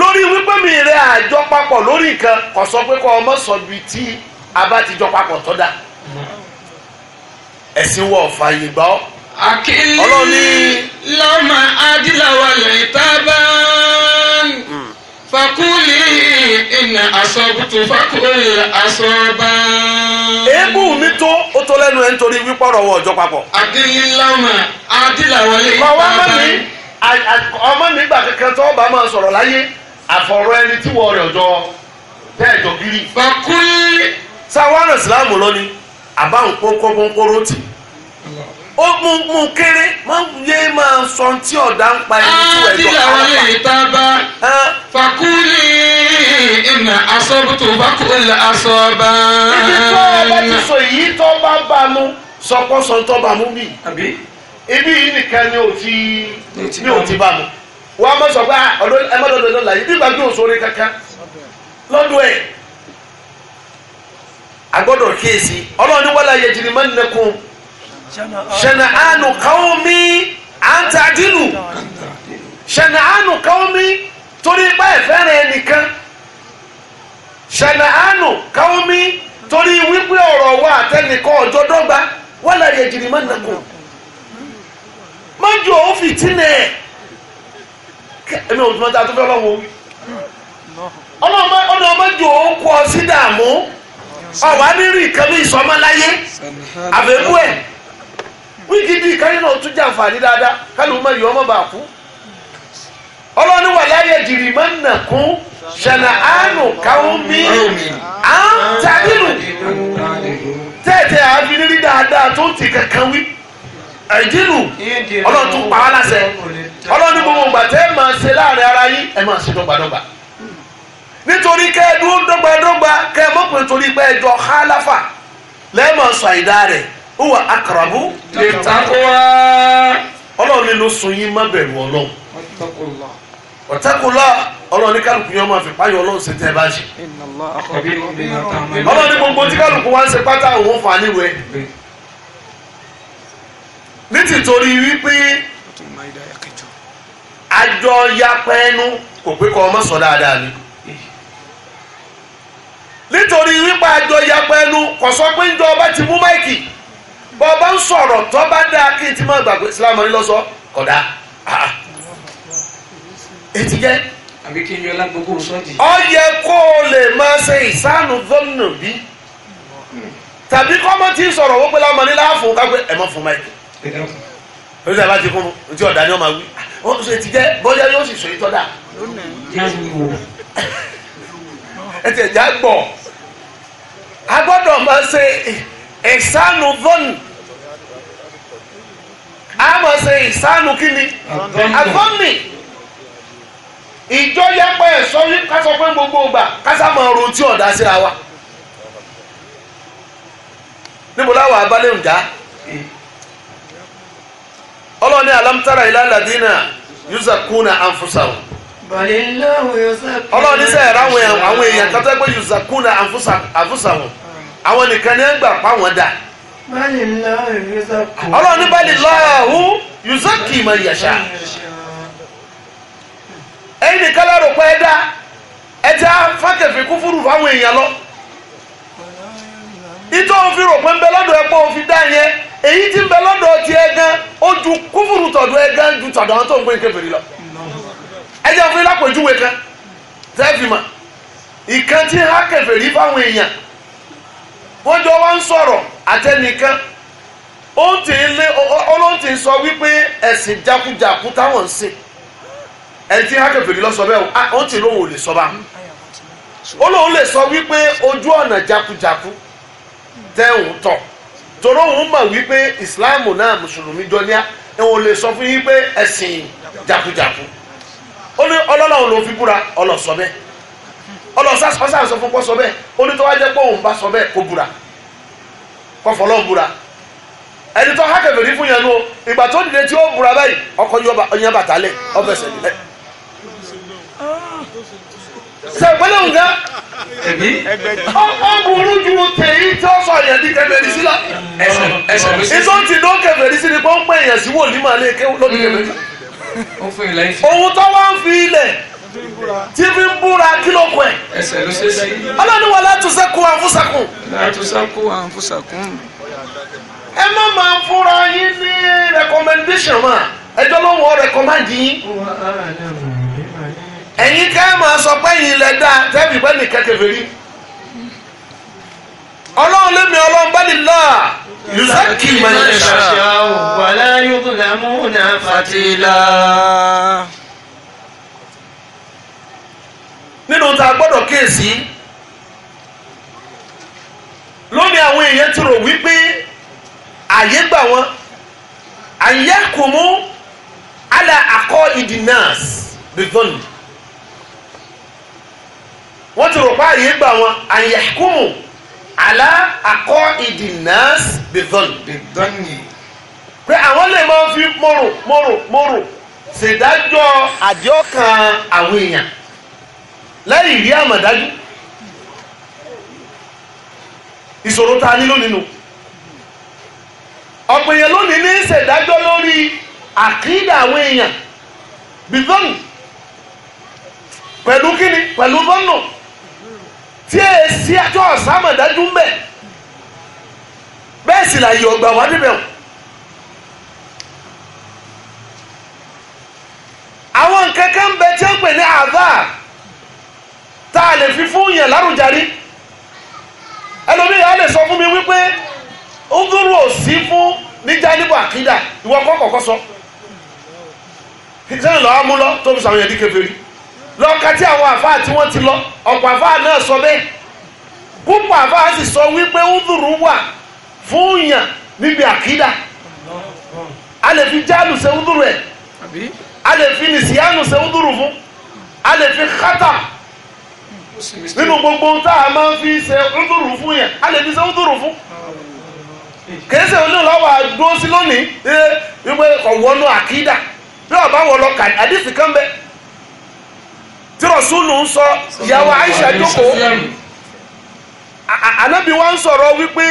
lórí wípé mi rẹ àjọ papọ̀ lórí nǹkan kò sọ pé kọ́ ọmọ sọ bíi tí a bá ti jọ papọ̀ tọ́ da mm-hmm. ẹ̀sìn wọ̀ fàyè gbà ọlọ́run ní. lọ́mọ adíláwà lè tá a bá hmm. fakuli ìnà asọ́bùtù fakuli asọ́bà. Ebu mi tó o tó lẹ́nu ẹ̀ nítorí wípé ọ̀rọ̀ wọ ọjọ́ papọ̀. adíláwà adíláwà lè tá a bá. ọmọ mi ọmọ mi gbà kankan tó ọba máa sọ̀rọ̀ láyé àfọ̀rọ̀ ẹni tí wọ́ọ̀rẹ̀ ọjọ́ bẹ́ẹ̀ jọ kiri. fakuli. sáwọn ará ìsìlámù lónìí àbáwọn kónkónkóró tì ó mú mú kéré máa ń yé máa sọ tí ọ̀dà ń pa ẹni tí wẹ̀ lọ́kàn. àdìyàwó lè ta bá fakúlì ìnà asọ́bùtò fakúlì asọ́bà. ibi tó o ti sọ èyí tó bá bá mu sọkọsọ tó bá mu bì. ibi yìí nìkan ni ò ti ni ò ti bá mu. wọ́n á mọ̀ sọ pé ah, ẹ má dọ̀dọ̀ dọ̀la yìí nígbà tí o sọ̀rọ̀ kankan lọ́dọ̀ ẹ̀ agbọ́dọ̀ kíyèsí ọlọ́run ní wàlá ṣẹ̀nàánù káwọ́mí àǹtàdínù ṣẹ̀nàánù káwọ́mí torí ipá ìfẹ́ràn ẹnìkan ṣẹ̀nàánù káwọ́mí torí wípé ọ̀rọ̀ wa àtẹnìkan ọjọ́ dọ́gba wọ́n lárí ẹ̀jìnì má nàkó mọ́jú ò fi tínẹ̀ ẹ̀mí òtún ọjà tó fẹ́ lọ́wọ́ ọ̀nà mọ́jú ò kọ́ sí dààmú ọ̀wá nírú ìkànnì ìsọmọláyé àbẹ̀bú ẹ̀ wíkìdì káyọ̀ náà tún jàǹfààní dáadáa kálù mọ ìyọ́ mọ́ bàá kú. ọlọ́ni wà láyé dìrì máa ń nà kún ṣẹlẹ̀ àánú káwọn mí à ń tàbílù tẹ́tẹ́ àbínírí dáadáa tó ti kankan wí. ẹ̀dínlù ọlọ́run tún pa á láṣẹ ọlọ́ni gbogbo ìgbà tẹ́ ẹ máa ṣe láàrin ara yín ẹ máa ṣe dọ́gbadọ́gba nítorí kẹ́ ẹ dúró dọ́gbadọ́gba kẹ́ torí pé hálàfà lẹ́ẹ̀mọ̀ sọ àìdá rẹ̀ huwa akarabu. lè takuwa. ọlọ́run ni má bẹ̀rù ọlọ́run. ọ̀tẹ́kùlá ọlọ́run ní kálukú yẹn máa fi ṣe ẹ bá ṣe. ní gbogbo tí kálukú wá ń ṣe pátá òun fà ní tìtorí wípé àjọ kò pé kọ́ ọmọ sọ dáadáa ni kò sọ pé ń ọba ti mú bọ́ọ̀bá ń sọ̀rọ̀ tó bá dáa kí n ti máa gbàgbé islam ní lọ́sọ̀ kódà ah, ah. etí jẹ́. àbí kí n yọ lágbogbo sọ́ọ̀jì. ó yẹ kó o lè máa ṣe gómìnà bí tàbí kọ́mọ́ ń sọ̀rọ̀ wọ́pẹ́ láwọn ọmọdé kápẹ́ ẹ̀ mọ́ fún ti kún un ọ̀dà ni wọ́n máa wí. jẹ́ bọ́jà sì sọ ìtọ́dà. ìsánù vọ́nù a mọ̀ ṣe ìsánù kíni àvọ́nì ìjọ yẹpẹ ẹ̀sọ́ yìí kásọ pé gbogbo ìgbà kásá máa ro tí ọ̀dà síra wa níbo láwọn abalẹ̀ ń já ọlọ́ni alámútárà ìlànàdínà yúzà kúnà dị ọlọ́ni sẹ́yìn ráwọn àwọn èèyàn àwọn nìkan ni ẹ gbà dà. ọlọ́run ní báyìí lọ́ọ̀hún ma yàṣà. ẹ̀yin nìkan lọ́rọ̀ pé dá ẹ ti á fákẹ́fì fáwọn èèyàn lọ. ìtọ́ òfin rò pé ń bẹ lọ́dọ̀ ẹ òfin dá yẹn èyí tí ń ju kúfúrú tọ̀dọ̀ ẹ ju tọ̀dọ̀ àwọn tó ń gbé kébèrè lọ. ẹ jẹ́ fún yín kan tẹ́ẹ̀fì mà ìkan tí wọ́n jọ wá ń sọ̀rọ̀ àtẹnìkan ó ti lé ọlọ́run ti sọ wípé ẹ̀sìn jákujàku táwọn ń sìn ẹni tí hákẹ́fẹ̀ẹ́ lọ sọ bẹ́ẹ̀ ah, ó ti lóun ò lè sọ bá lè sọ wípé ojú ọ̀nà jákujàku tọ̀ òun mọ̀ wípé ìsìláàmù náà mùsùlùmí jọ́níà òun lè ọlọ́sà ọ̀sà sọ fún kọ́ sọ bẹ́ẹ̀ onítọ́wá jẹ́ pé òun bá sọ bẹ́ẹ̀ kó búra kó fọlọ́ búra ẹni tó hákẹ́ bèrè fún yẹn nu ìgbà tó dìde tí ó búra báyìí ọkọ yẹn bàtà lẹ̀ ọ̀fẹ́sẹ̀ nílẹ̀ sẹ̀gbẹ́lẹ̀ ń gẹ́ ọ̀gbùrú ju tèyí tí ó sọ yẹn di kẹfẹ́rì sí la ìsọ ti dán kẹfẹ́rì sí ni pé ó ń pè yẹn sí wòlímọ̀ lé lóbi kẹfẹ́rì. ohun tó wá ń fi ilẹ̀ tí fi ń búra kí ló kọ ẹ. ẹsẹ̀ ló ṣe sí. ọlọ́ni wà látúnṣẹ́kù ẹ má máa fúnra yín ní recommendation mà ẹjọ́ ló wọ́n recommend yín. ẹ̀yin ká ẹ máa sọ pé yín lẹ dá tẹ́bí bẹ́ẹ̀ nìkan kẹfẹ́ rí. ọlọ́run lémi ọlọ́run bá nílá yusaki man yasha wala yudlamuna fatila. nínú tá a gbọ́dọ̀ kíyèsí lónìí àwọn èèyàn ti rò wípé àyè gbà wọn àyẹ̀kùnmú alẹ́ akọ ìdìnnàs bìfọ́nì wọ́n ti rò pé àyè gbà wọn àyẹ̀kùnmú alẹ́ akọ ìdìnnàs bìfọ́nì pé àwọn lè máa fi mọ̀rùn mọ̀rùn mọ̀rùn ṣèdájọ́ àdéhùn kan àwọn èèyàn lẹ́yìn ìrí àmọ̀dájú ìṣòro ta ní lónìí nù ọ̀pọ̀ èèyàn lónìí ní ìṣèdájọ́ lórí àkídà àwọn èèyàn bìbọ́nù pẹ̀lú kíni pẹ̀lú bọ́nù tí ẹ sí àjọ àsámọ̀dájú ń bẹ̀ bẹ́ẹ̀ sì là yọ̀ ọgbà wá níbẹ̀ o. àwọn nǹkan bẹ tí wọ́n pè tá a lè fi fún yẹn lárùjárí ẹlòmíì á lè sọ fún mi wípé ńdúró ò sí fún níjà níbo àkídà ìwọ kọ́kọ́kọ́ sọ ìtẹ́nì lọ́wọ́ mú lọ tó fi sàwọn yẹn ní kèfèrí lọ́ka tí àwọn àfáà tí wọ́n ti lọ ọ̀pọ̀ àfáà náà sọ bẹ́ẹ̀ púpọ̀ àfáà sì sọ wípé ńdúró wà fún yàn níbi àkídà a lè fi jáàlù ṣe ńdúró ẹ̀ a lè fi nìsíyàánù ṣe ńdúró fún a lè fi kátà nínú gbogbo tá a máa fi ṣe ń fún yẹn a lè fi ṣe ń fún kèésì onú lọ́wọ́ àdúró sí lónìí ẹ wípé ọ̀wọ́nú àkídà bí ọba wọ lọ kàdí àdìsí kan bẹ tí ń sọ ìyàwó Aisha jókòó ànábì wa sọ̀rọ̀ wípé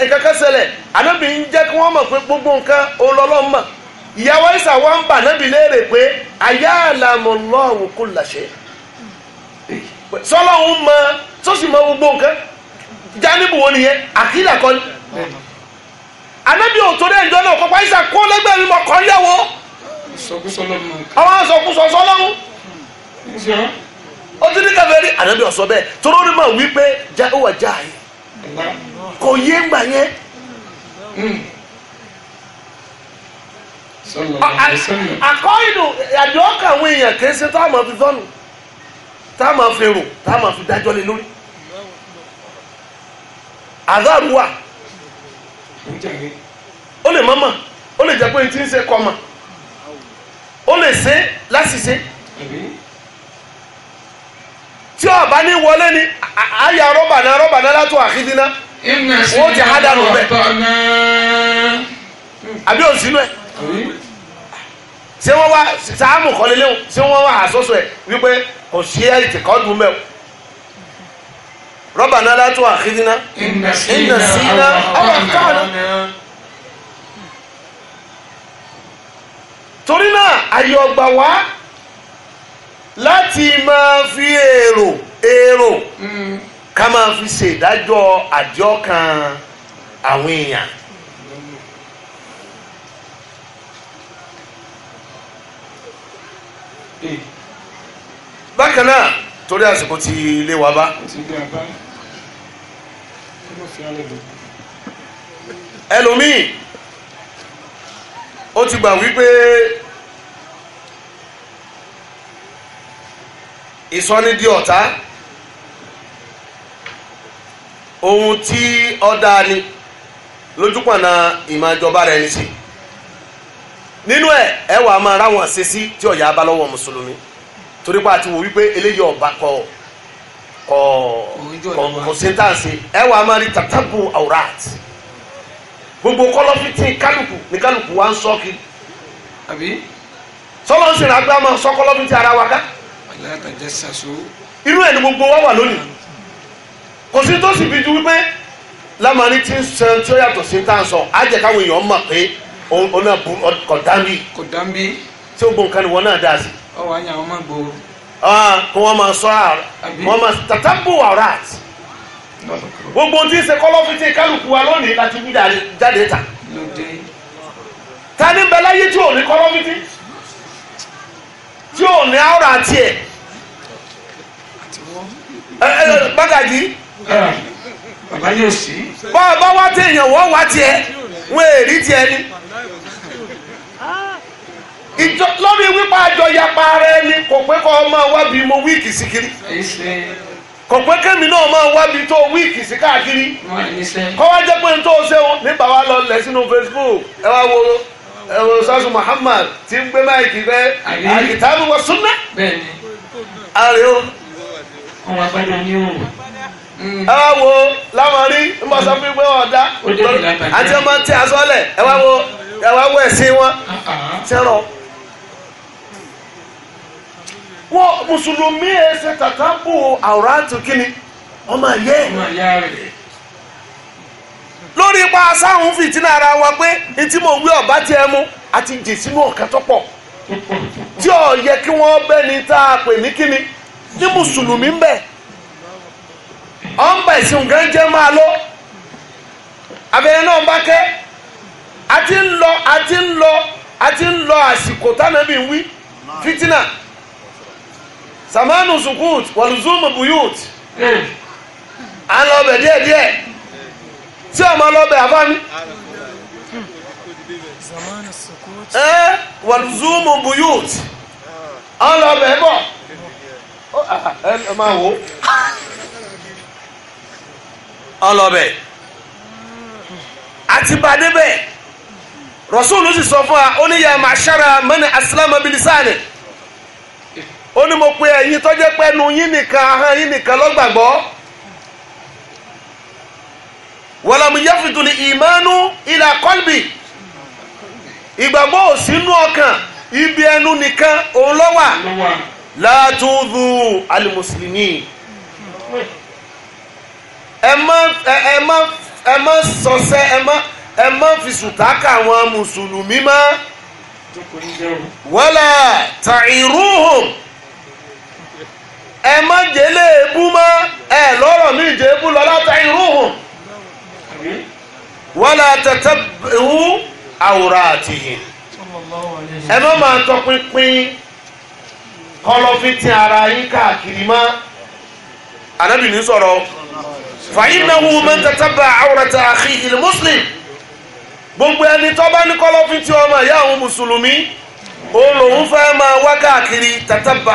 nǹkan kan ṣẹlẹ̀ ń jẹ́ gbogbo nǹkan mọ̀ ìyàwó bà léèrè pé ayé àlàmọ́ lọ́wọ́ kò sọlọ́hún mọ sọ́sì mọ gbogbo nǹkan jánibù wo nìyẹn àkìlà kọ́ ni anabi òtò dé ìjọ náà kọ́kọ́ ìṣà kó lẹ́gbẹ̀ẹ́ mi mọ̀ kọ́ yẹ̀wò àwọn sọkúsọ sọlọ́hún ó ti ní kẹfẹ́ rí anabi ọ̀sọ́ bẹ́ẹ̀ toró ni mà wípé ó wà já yìí kò yé gbà yẹn àkọ́ ìdùn àdìọ́kà àwọn èèyàn kì í ṣe tó àmọ́ fífọ́nù tá a máa fi rò tá a máa fi dájọ́ lé lórí àdáàrú wà ó lè mọ́mọ́ ó lè jẹ́ pé n ti ń ṣe kọ́mọ̀ ó lè ṣe láṣìṣe tí ó bá ní wọlé ni àyà rọ́bà náà rọ́bà náà látọ̀ àkíndínà wọ́n ti há dànù bẹ́ẹ̀ àbí òsínú ẹ̀ ṣé wọ́n wá sàámù kọ́lé léwu ṣé wọ́n wá àsọ́sọ ẹ̀ wípé kò sí ẹ̀yìtì kọ́ dùn mẹ́wò rọ́bà náà látọ̀ àkíndínà ìnà sí iná ọ̀rọ̀ káàná. torí náà àyè ọgbà wá láti máa fi èrò èrò ká máa fi ṣèdájọ́ àjọkàn àwọn èèyàn. Hey. bákan náà torí àsìkò wa bá. ẹlòmíì ó ti gbà wípé ohun tí ọ̀dà ni lójúpọ̀nà ìmọ̀jọba rẹ̀ ní ninu nínú ẹ̀ ẹ̀ wàá máa ráwọn ṣe sí tí ọ̀yà torí pé àti wò wípé eléyìí ọba kọ kọ kọ sentansi ẹ wà máa rí tatabu aurat gbogbo kọlọfítì kálukú ní kálukú wa ń sọ kiri àbí sọlọ ń sìn àgbà máa sọ kọlọfítì ara wa ká irú ẹ̀ ni gbogbo wa wà lónìí kò sí tó sì fi ju wípé lámàrin tí ń sẹ tí ó yàtọ̀ sí tá à ń sọ á káwọn èèyàn mọ̀ pé òun náà kò tí ó gbọ̀ǹkan ni wọn náà dá sí ọwọ anyi àwọn máa gbòòrò. Ah, kí wọ́n máa sọ àrà wọ́n máa tata bù ọ̀rá àti gbogbo tí ń ṣe kọ́lọ́fíìsì kálukú wa lónìí láti wí jáde ta ta ní bẹ láyé tí ò ní kọ́lọ́fíìsì tí ò ní ọ̀rọ̀ àti ẹ̀ bágàjì ah, bàbá yóò sí. bọ́ọ̀ bá wá tẹ̀yàn wọ́n wá tiẹ̀ wọ́n èrì tiẹ̀ ni ìjọ lórí wípé àjọ yapa ara ẹni kò pé kọ́ ọmọ wábi mo wíìkì sí kiri kò pé kémi náà máa wábi tó wíìkì sí káàkiri kọ́ wá jẹ́ pé n tó ṣe o nígbà wa lọ lẹ̀ sínú Facebook ẹ wá wo ẹ wo sasu Muhammad ti ń gbé máìkì fẹ́ àgìtàbí wa súnná àrè o. ọmọ agbada ni o. ẹ wá wo lámọ̀rí ń bọ̀ sọ fún mi pé ọ̀dà àti ọmọ tí a sọ lẹ̀ ẹ wá wo ẹ wá wo ẹ̀sìn wọn ah, ah. ṣẹ́rọ̀. wọ́n mùsùlùmí ẹ̀ ṣe tàtàbù àwòrán kínní ọmọ ẹ̀yẹ́ lórí ipa sáhùn fìtínà ara wa pé etí mò ń wí ọba tiẹ̀ mú àti jèsínú ọ̀kan tó pọ̀ tí ò yẹ kí wọn bẹ́ ni tá a pè ní kínní ní mùsùlùmí ń bẹ̀ ọ̀ ń bẹ̀ sí nǹkan jẹ́ máa lọ abẹ́rẹ́ náà bá kẹ́ àti ń lọ àti ń lọ àti ń lọ àsìkò tánàbí wí fìtínà. samanu sukut wàlùzúmù buyut à ń lọ bẹ̀ díẹ̀ díẹ̀ tí a máa lọ bẹ̀ àbá mi. ẹ wàlùzúmù buyut à ń lọ bẹ̀ bọ̀ ẹ máa wò ó lọ bẹ̀ àti bàdé bẹ̀ rọ̀ṣùn ló sì sọ fún wa ó ní mo pe ẹ̀yin tó jẹ́ pẹ́nu yín nìkan ahọ́n yín nìkan ló gbàgbọ́ wàlámù yẹ́fìtúlì ìmánú ìlà kọ́lbì ìgbàgbọ́ ò sínú ọkàn ibi ẹnu nìkan òun ló wà látúndú alimusulmi ẹ má ẹ má ẹ sọsẹ ẹ má ẹ má fi mùsùlùmí mọ́ wọ́lá tàìrúhùn. ẹ má jẹ́ lé ebú mọ́ ẹ lọ́rọ̀ mi jẹ́ ebú lọ látàrí rúhùn wọ́n lọ tẹ̀tẹ̀ ewu àwòrán àtìyìn ẹ má máa tọpinpin ti ara yín káàkiri mọ́ Ànábì ní sọ̀rọ̀ fàyín náà wù mọ́ tẹ̀tẹ̀ bá àwòrán muslim gbogbo ẹni tó bá ní ti ọmọ ìyá àwọn mùsùlùmí òun ma máa wá káàkiri tẹ̀tẹ̀ bá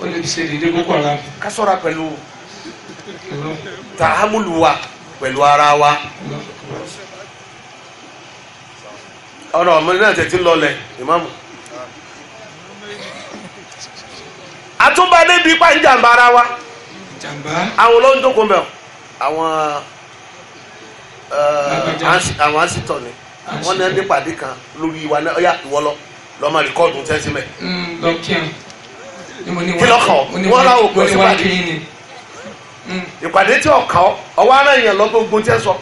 ó lè ṣe dédé boko haram. ká ṣọ́ra pẹ̀lú tahamulu wa pẹ̀lú ara wa ọ̀rọ̀ ọmọdé náà tẹ̀tí lọlẹ̀ ìmáàmù. àtúbadé bíi pàǹjàmbá ara wa àwọn olóhùn tó kún bẹ́ẹ̀ àwọn eh, àwọn ni wọ́n ní ẹni pàdé kan lórí ìwà náà ọ̀yà ìwọ́lọ́ lọ́ọ́ máa rìkọ́ọ̀dù tẹ́sí mẹ́. Hmm, kí lọ́kàn wọ́n láwọn òpin sípàdé hmm. ìpàdé tí ọ̀kà ọwọ́ ara èèyàn lọ gbogbo tí ẹ sọ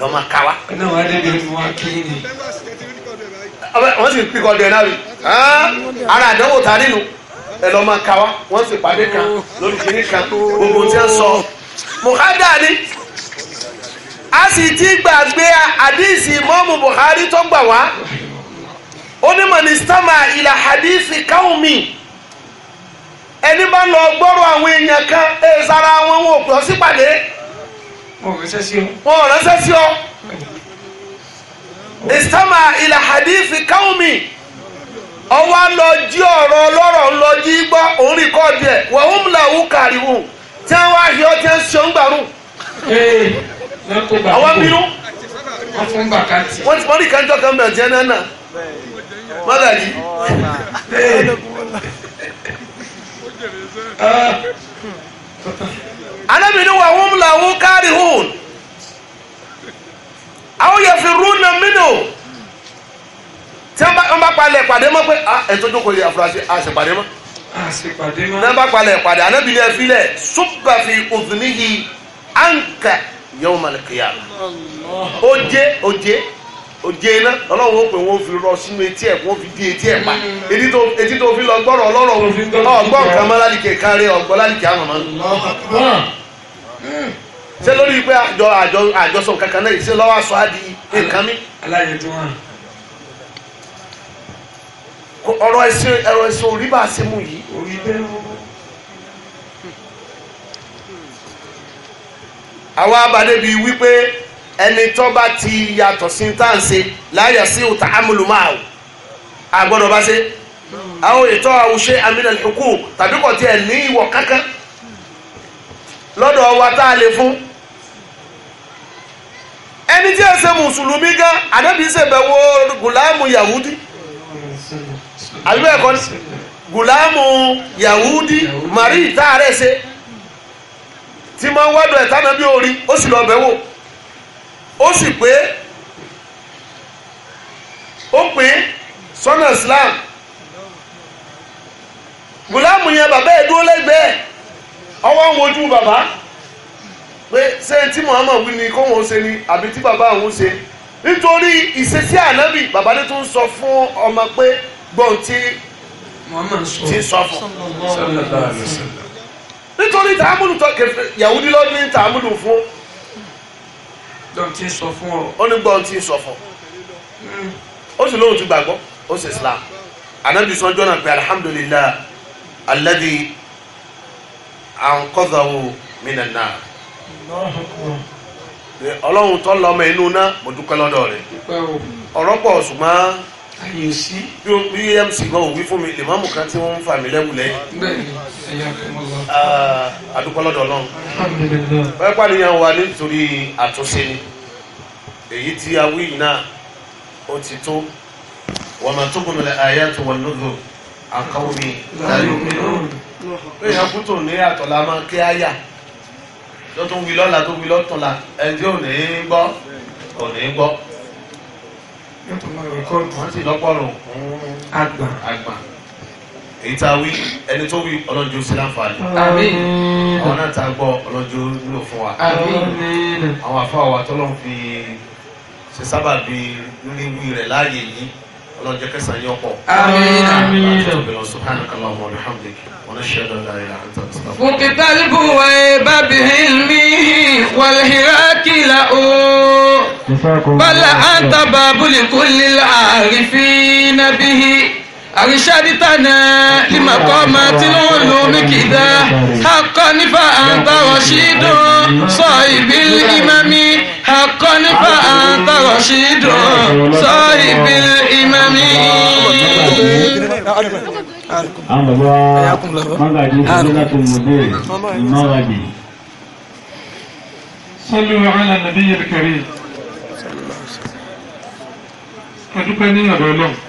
lọ máa ká wa. wọ́n sì pí kọ́ọ̀dù ẹ̀ náà rí ara àdánwò ta nínú ẹ lọ máa ká wa wọ́n sì pàdé kan lórí kìíní kan gbogbo sọ. mùkádà ni a sì ti gbàgbé àdìsí mọ́mù Buhari tó gbà wá onímọ̀ ní sámà ìlà àdìsí káwọn míì ẹni bá lọ gbọ́rọ̀ àwọn èèyàn kan ẹ sara wọn wọn ò pọ̀ sípàdé. wọn ò ránṣẹ́ sí ọ. ìsámà ìlà hadithi káwùmí ọwọ́ lọ jí ọ̀rọ̀ ọlọ́rọ̀ ń lọ jí gbọ́ òun rí kọ́ọ̀dù ẹ̀ wọ́n ń làwù kàríwù tí wọ́n á yọ tí wọ́n ń ṣe ń gbàrún. àwọn bínú. wọ́n fún bàkàtì. wọ́n ti mọ́rí kájọ́ kan bẹ̀rẹ̀ jẹ́ náà náà. mọ́gàjì anabi ni wa hum lahu karihun aw yafiruna minhu tí wọ́n bá palẹ̀ ìpàdé mọ́ pé ah, ẹ̀tọ́ jókòó yìí afurasí àṣepàdé mọ́ àṣepàdé mọ́ náà bá palẹ̀ ìpàdé anabi ni ẹfi lẹ̀ súpà fi òdùnníyì ànkà yawmal qiyamah ó jẹ́ ó òjì iná ọlọ́run ó pè wọ́n fi rọ sínú etí ẹ̀ wọ́n fi di etí ẹ̀ pa etí tó fi lọ gbọ́rọ̀ ọlọ́rọ̀ ọgbọ́n kan mọ́ ládìkẹ́ kárí ọgbọ́n ládìkẹ́ àmọ́ ah. ṣé lórí pé àjọ àjọ àjọsọ kankan náà ṣe lọ́wọ́ aṣọ nǹkan mi. ọrọ ọrọ orí ẹni tó bá ti yàtọ̀ sí táǹsì láyà ṣe àwọn ètò àwùṣe amínàlì tàbí kò tiẹ̀ ní ìwọ̀ kankan lọ́dọ̀ wa tá a lè fún mùsùlùmí gan gùlámù yahudi àbí ẹ̀kọ́ gùlámù yahudi marie tá ṣe tí máa ń wádùn ẹ̀ ó sì pé ó pín sọ́nà islam gùlámù yẹn bàbá ẹ̀ dúró lẹ́gbẹ̀ẹ́ ọwọ́ ń wojú bàbá pé ṣé tí muhammad wí ni kóhun ó ṣe ni àbí tí bàbá òun ṣe nítorí ìṣesí ànábì bàbá ní tún sọ fún ọmọ pé gbọ́n tí ti sọ fún nítorí tààmùlù tó kẹfẹ yahudi lọ́dún tààmùlù fún gbọ́n tí ń sọ fún ọ. ó ní gbọ́n sọ fún ọ. Hmm. ó sì lóhùn ti gbàgbọ́ ó sì Islam anabi sọ jọ́nà pé alhamdulillah alladhi anqadhahu minan ọlọ́run tó lọ́mọ inú náà mo dúpẹ́ lọ́dọ̀ rẹ̀ ẹ̀yìn sí bí amc gan òwí fún mi ìmáàmù kan tí wọ́n ń fà mí lẹ́wù lẹ́yìn. Ah, adúpọ̀lọ́dọ̀ ọlọ́run. bẹ́ẹ̀ pàdéyàn wa nítorí àtúnṣe ni èyí tí a wí náà ó ti tó wọ́n máa tó gómìnà àyà tó wọ́n lódò àkọ́wé mi. bẹ́ẹ̀ yàgùn tó ní àtọ̀lá máa kí á yà tó tún wí lọ́la tó wí lọ́tọ̀la ẹni tí ò ní gbọ́ ò ní gbọ́ yóò tó máa rẹkọọdù. wọ́n sì lọ́pọ̀rùn. àgbà. àgbà. èyí tá a wí ẹni tó wí ọlọ́jọ́ sí láǹfààní. àwọn náà tá a gbọ́ ọlọ́jọ́ lò fún wa. àwọn àfáà wa tọ́lọ́ fi ṣe sábàbí rírí rẹ̀ láàyè yìí ọlọ́jọ́ kẹsàn-án yọ̀pọ̀. àmín. àmín. àti ọ̀bẹ̀rẹ̀ subhanaka Allahumma wa bihamdika. ونشهد أن لا إله إلا أنت وقت البويب بهلمه والهراك لأو بل أنت باب لكل العارفين به أرشدتنا لمقامات العلوم كذا حقا فأنت رشيد صاحب الإمام حقا فأنت رشيد صاحب الإمام àwọn bàbá magaji fúnilátò mọdé magaji. sọlù ala nabiyil karim adúpẹ́ ní ọ̀dọ́ náà.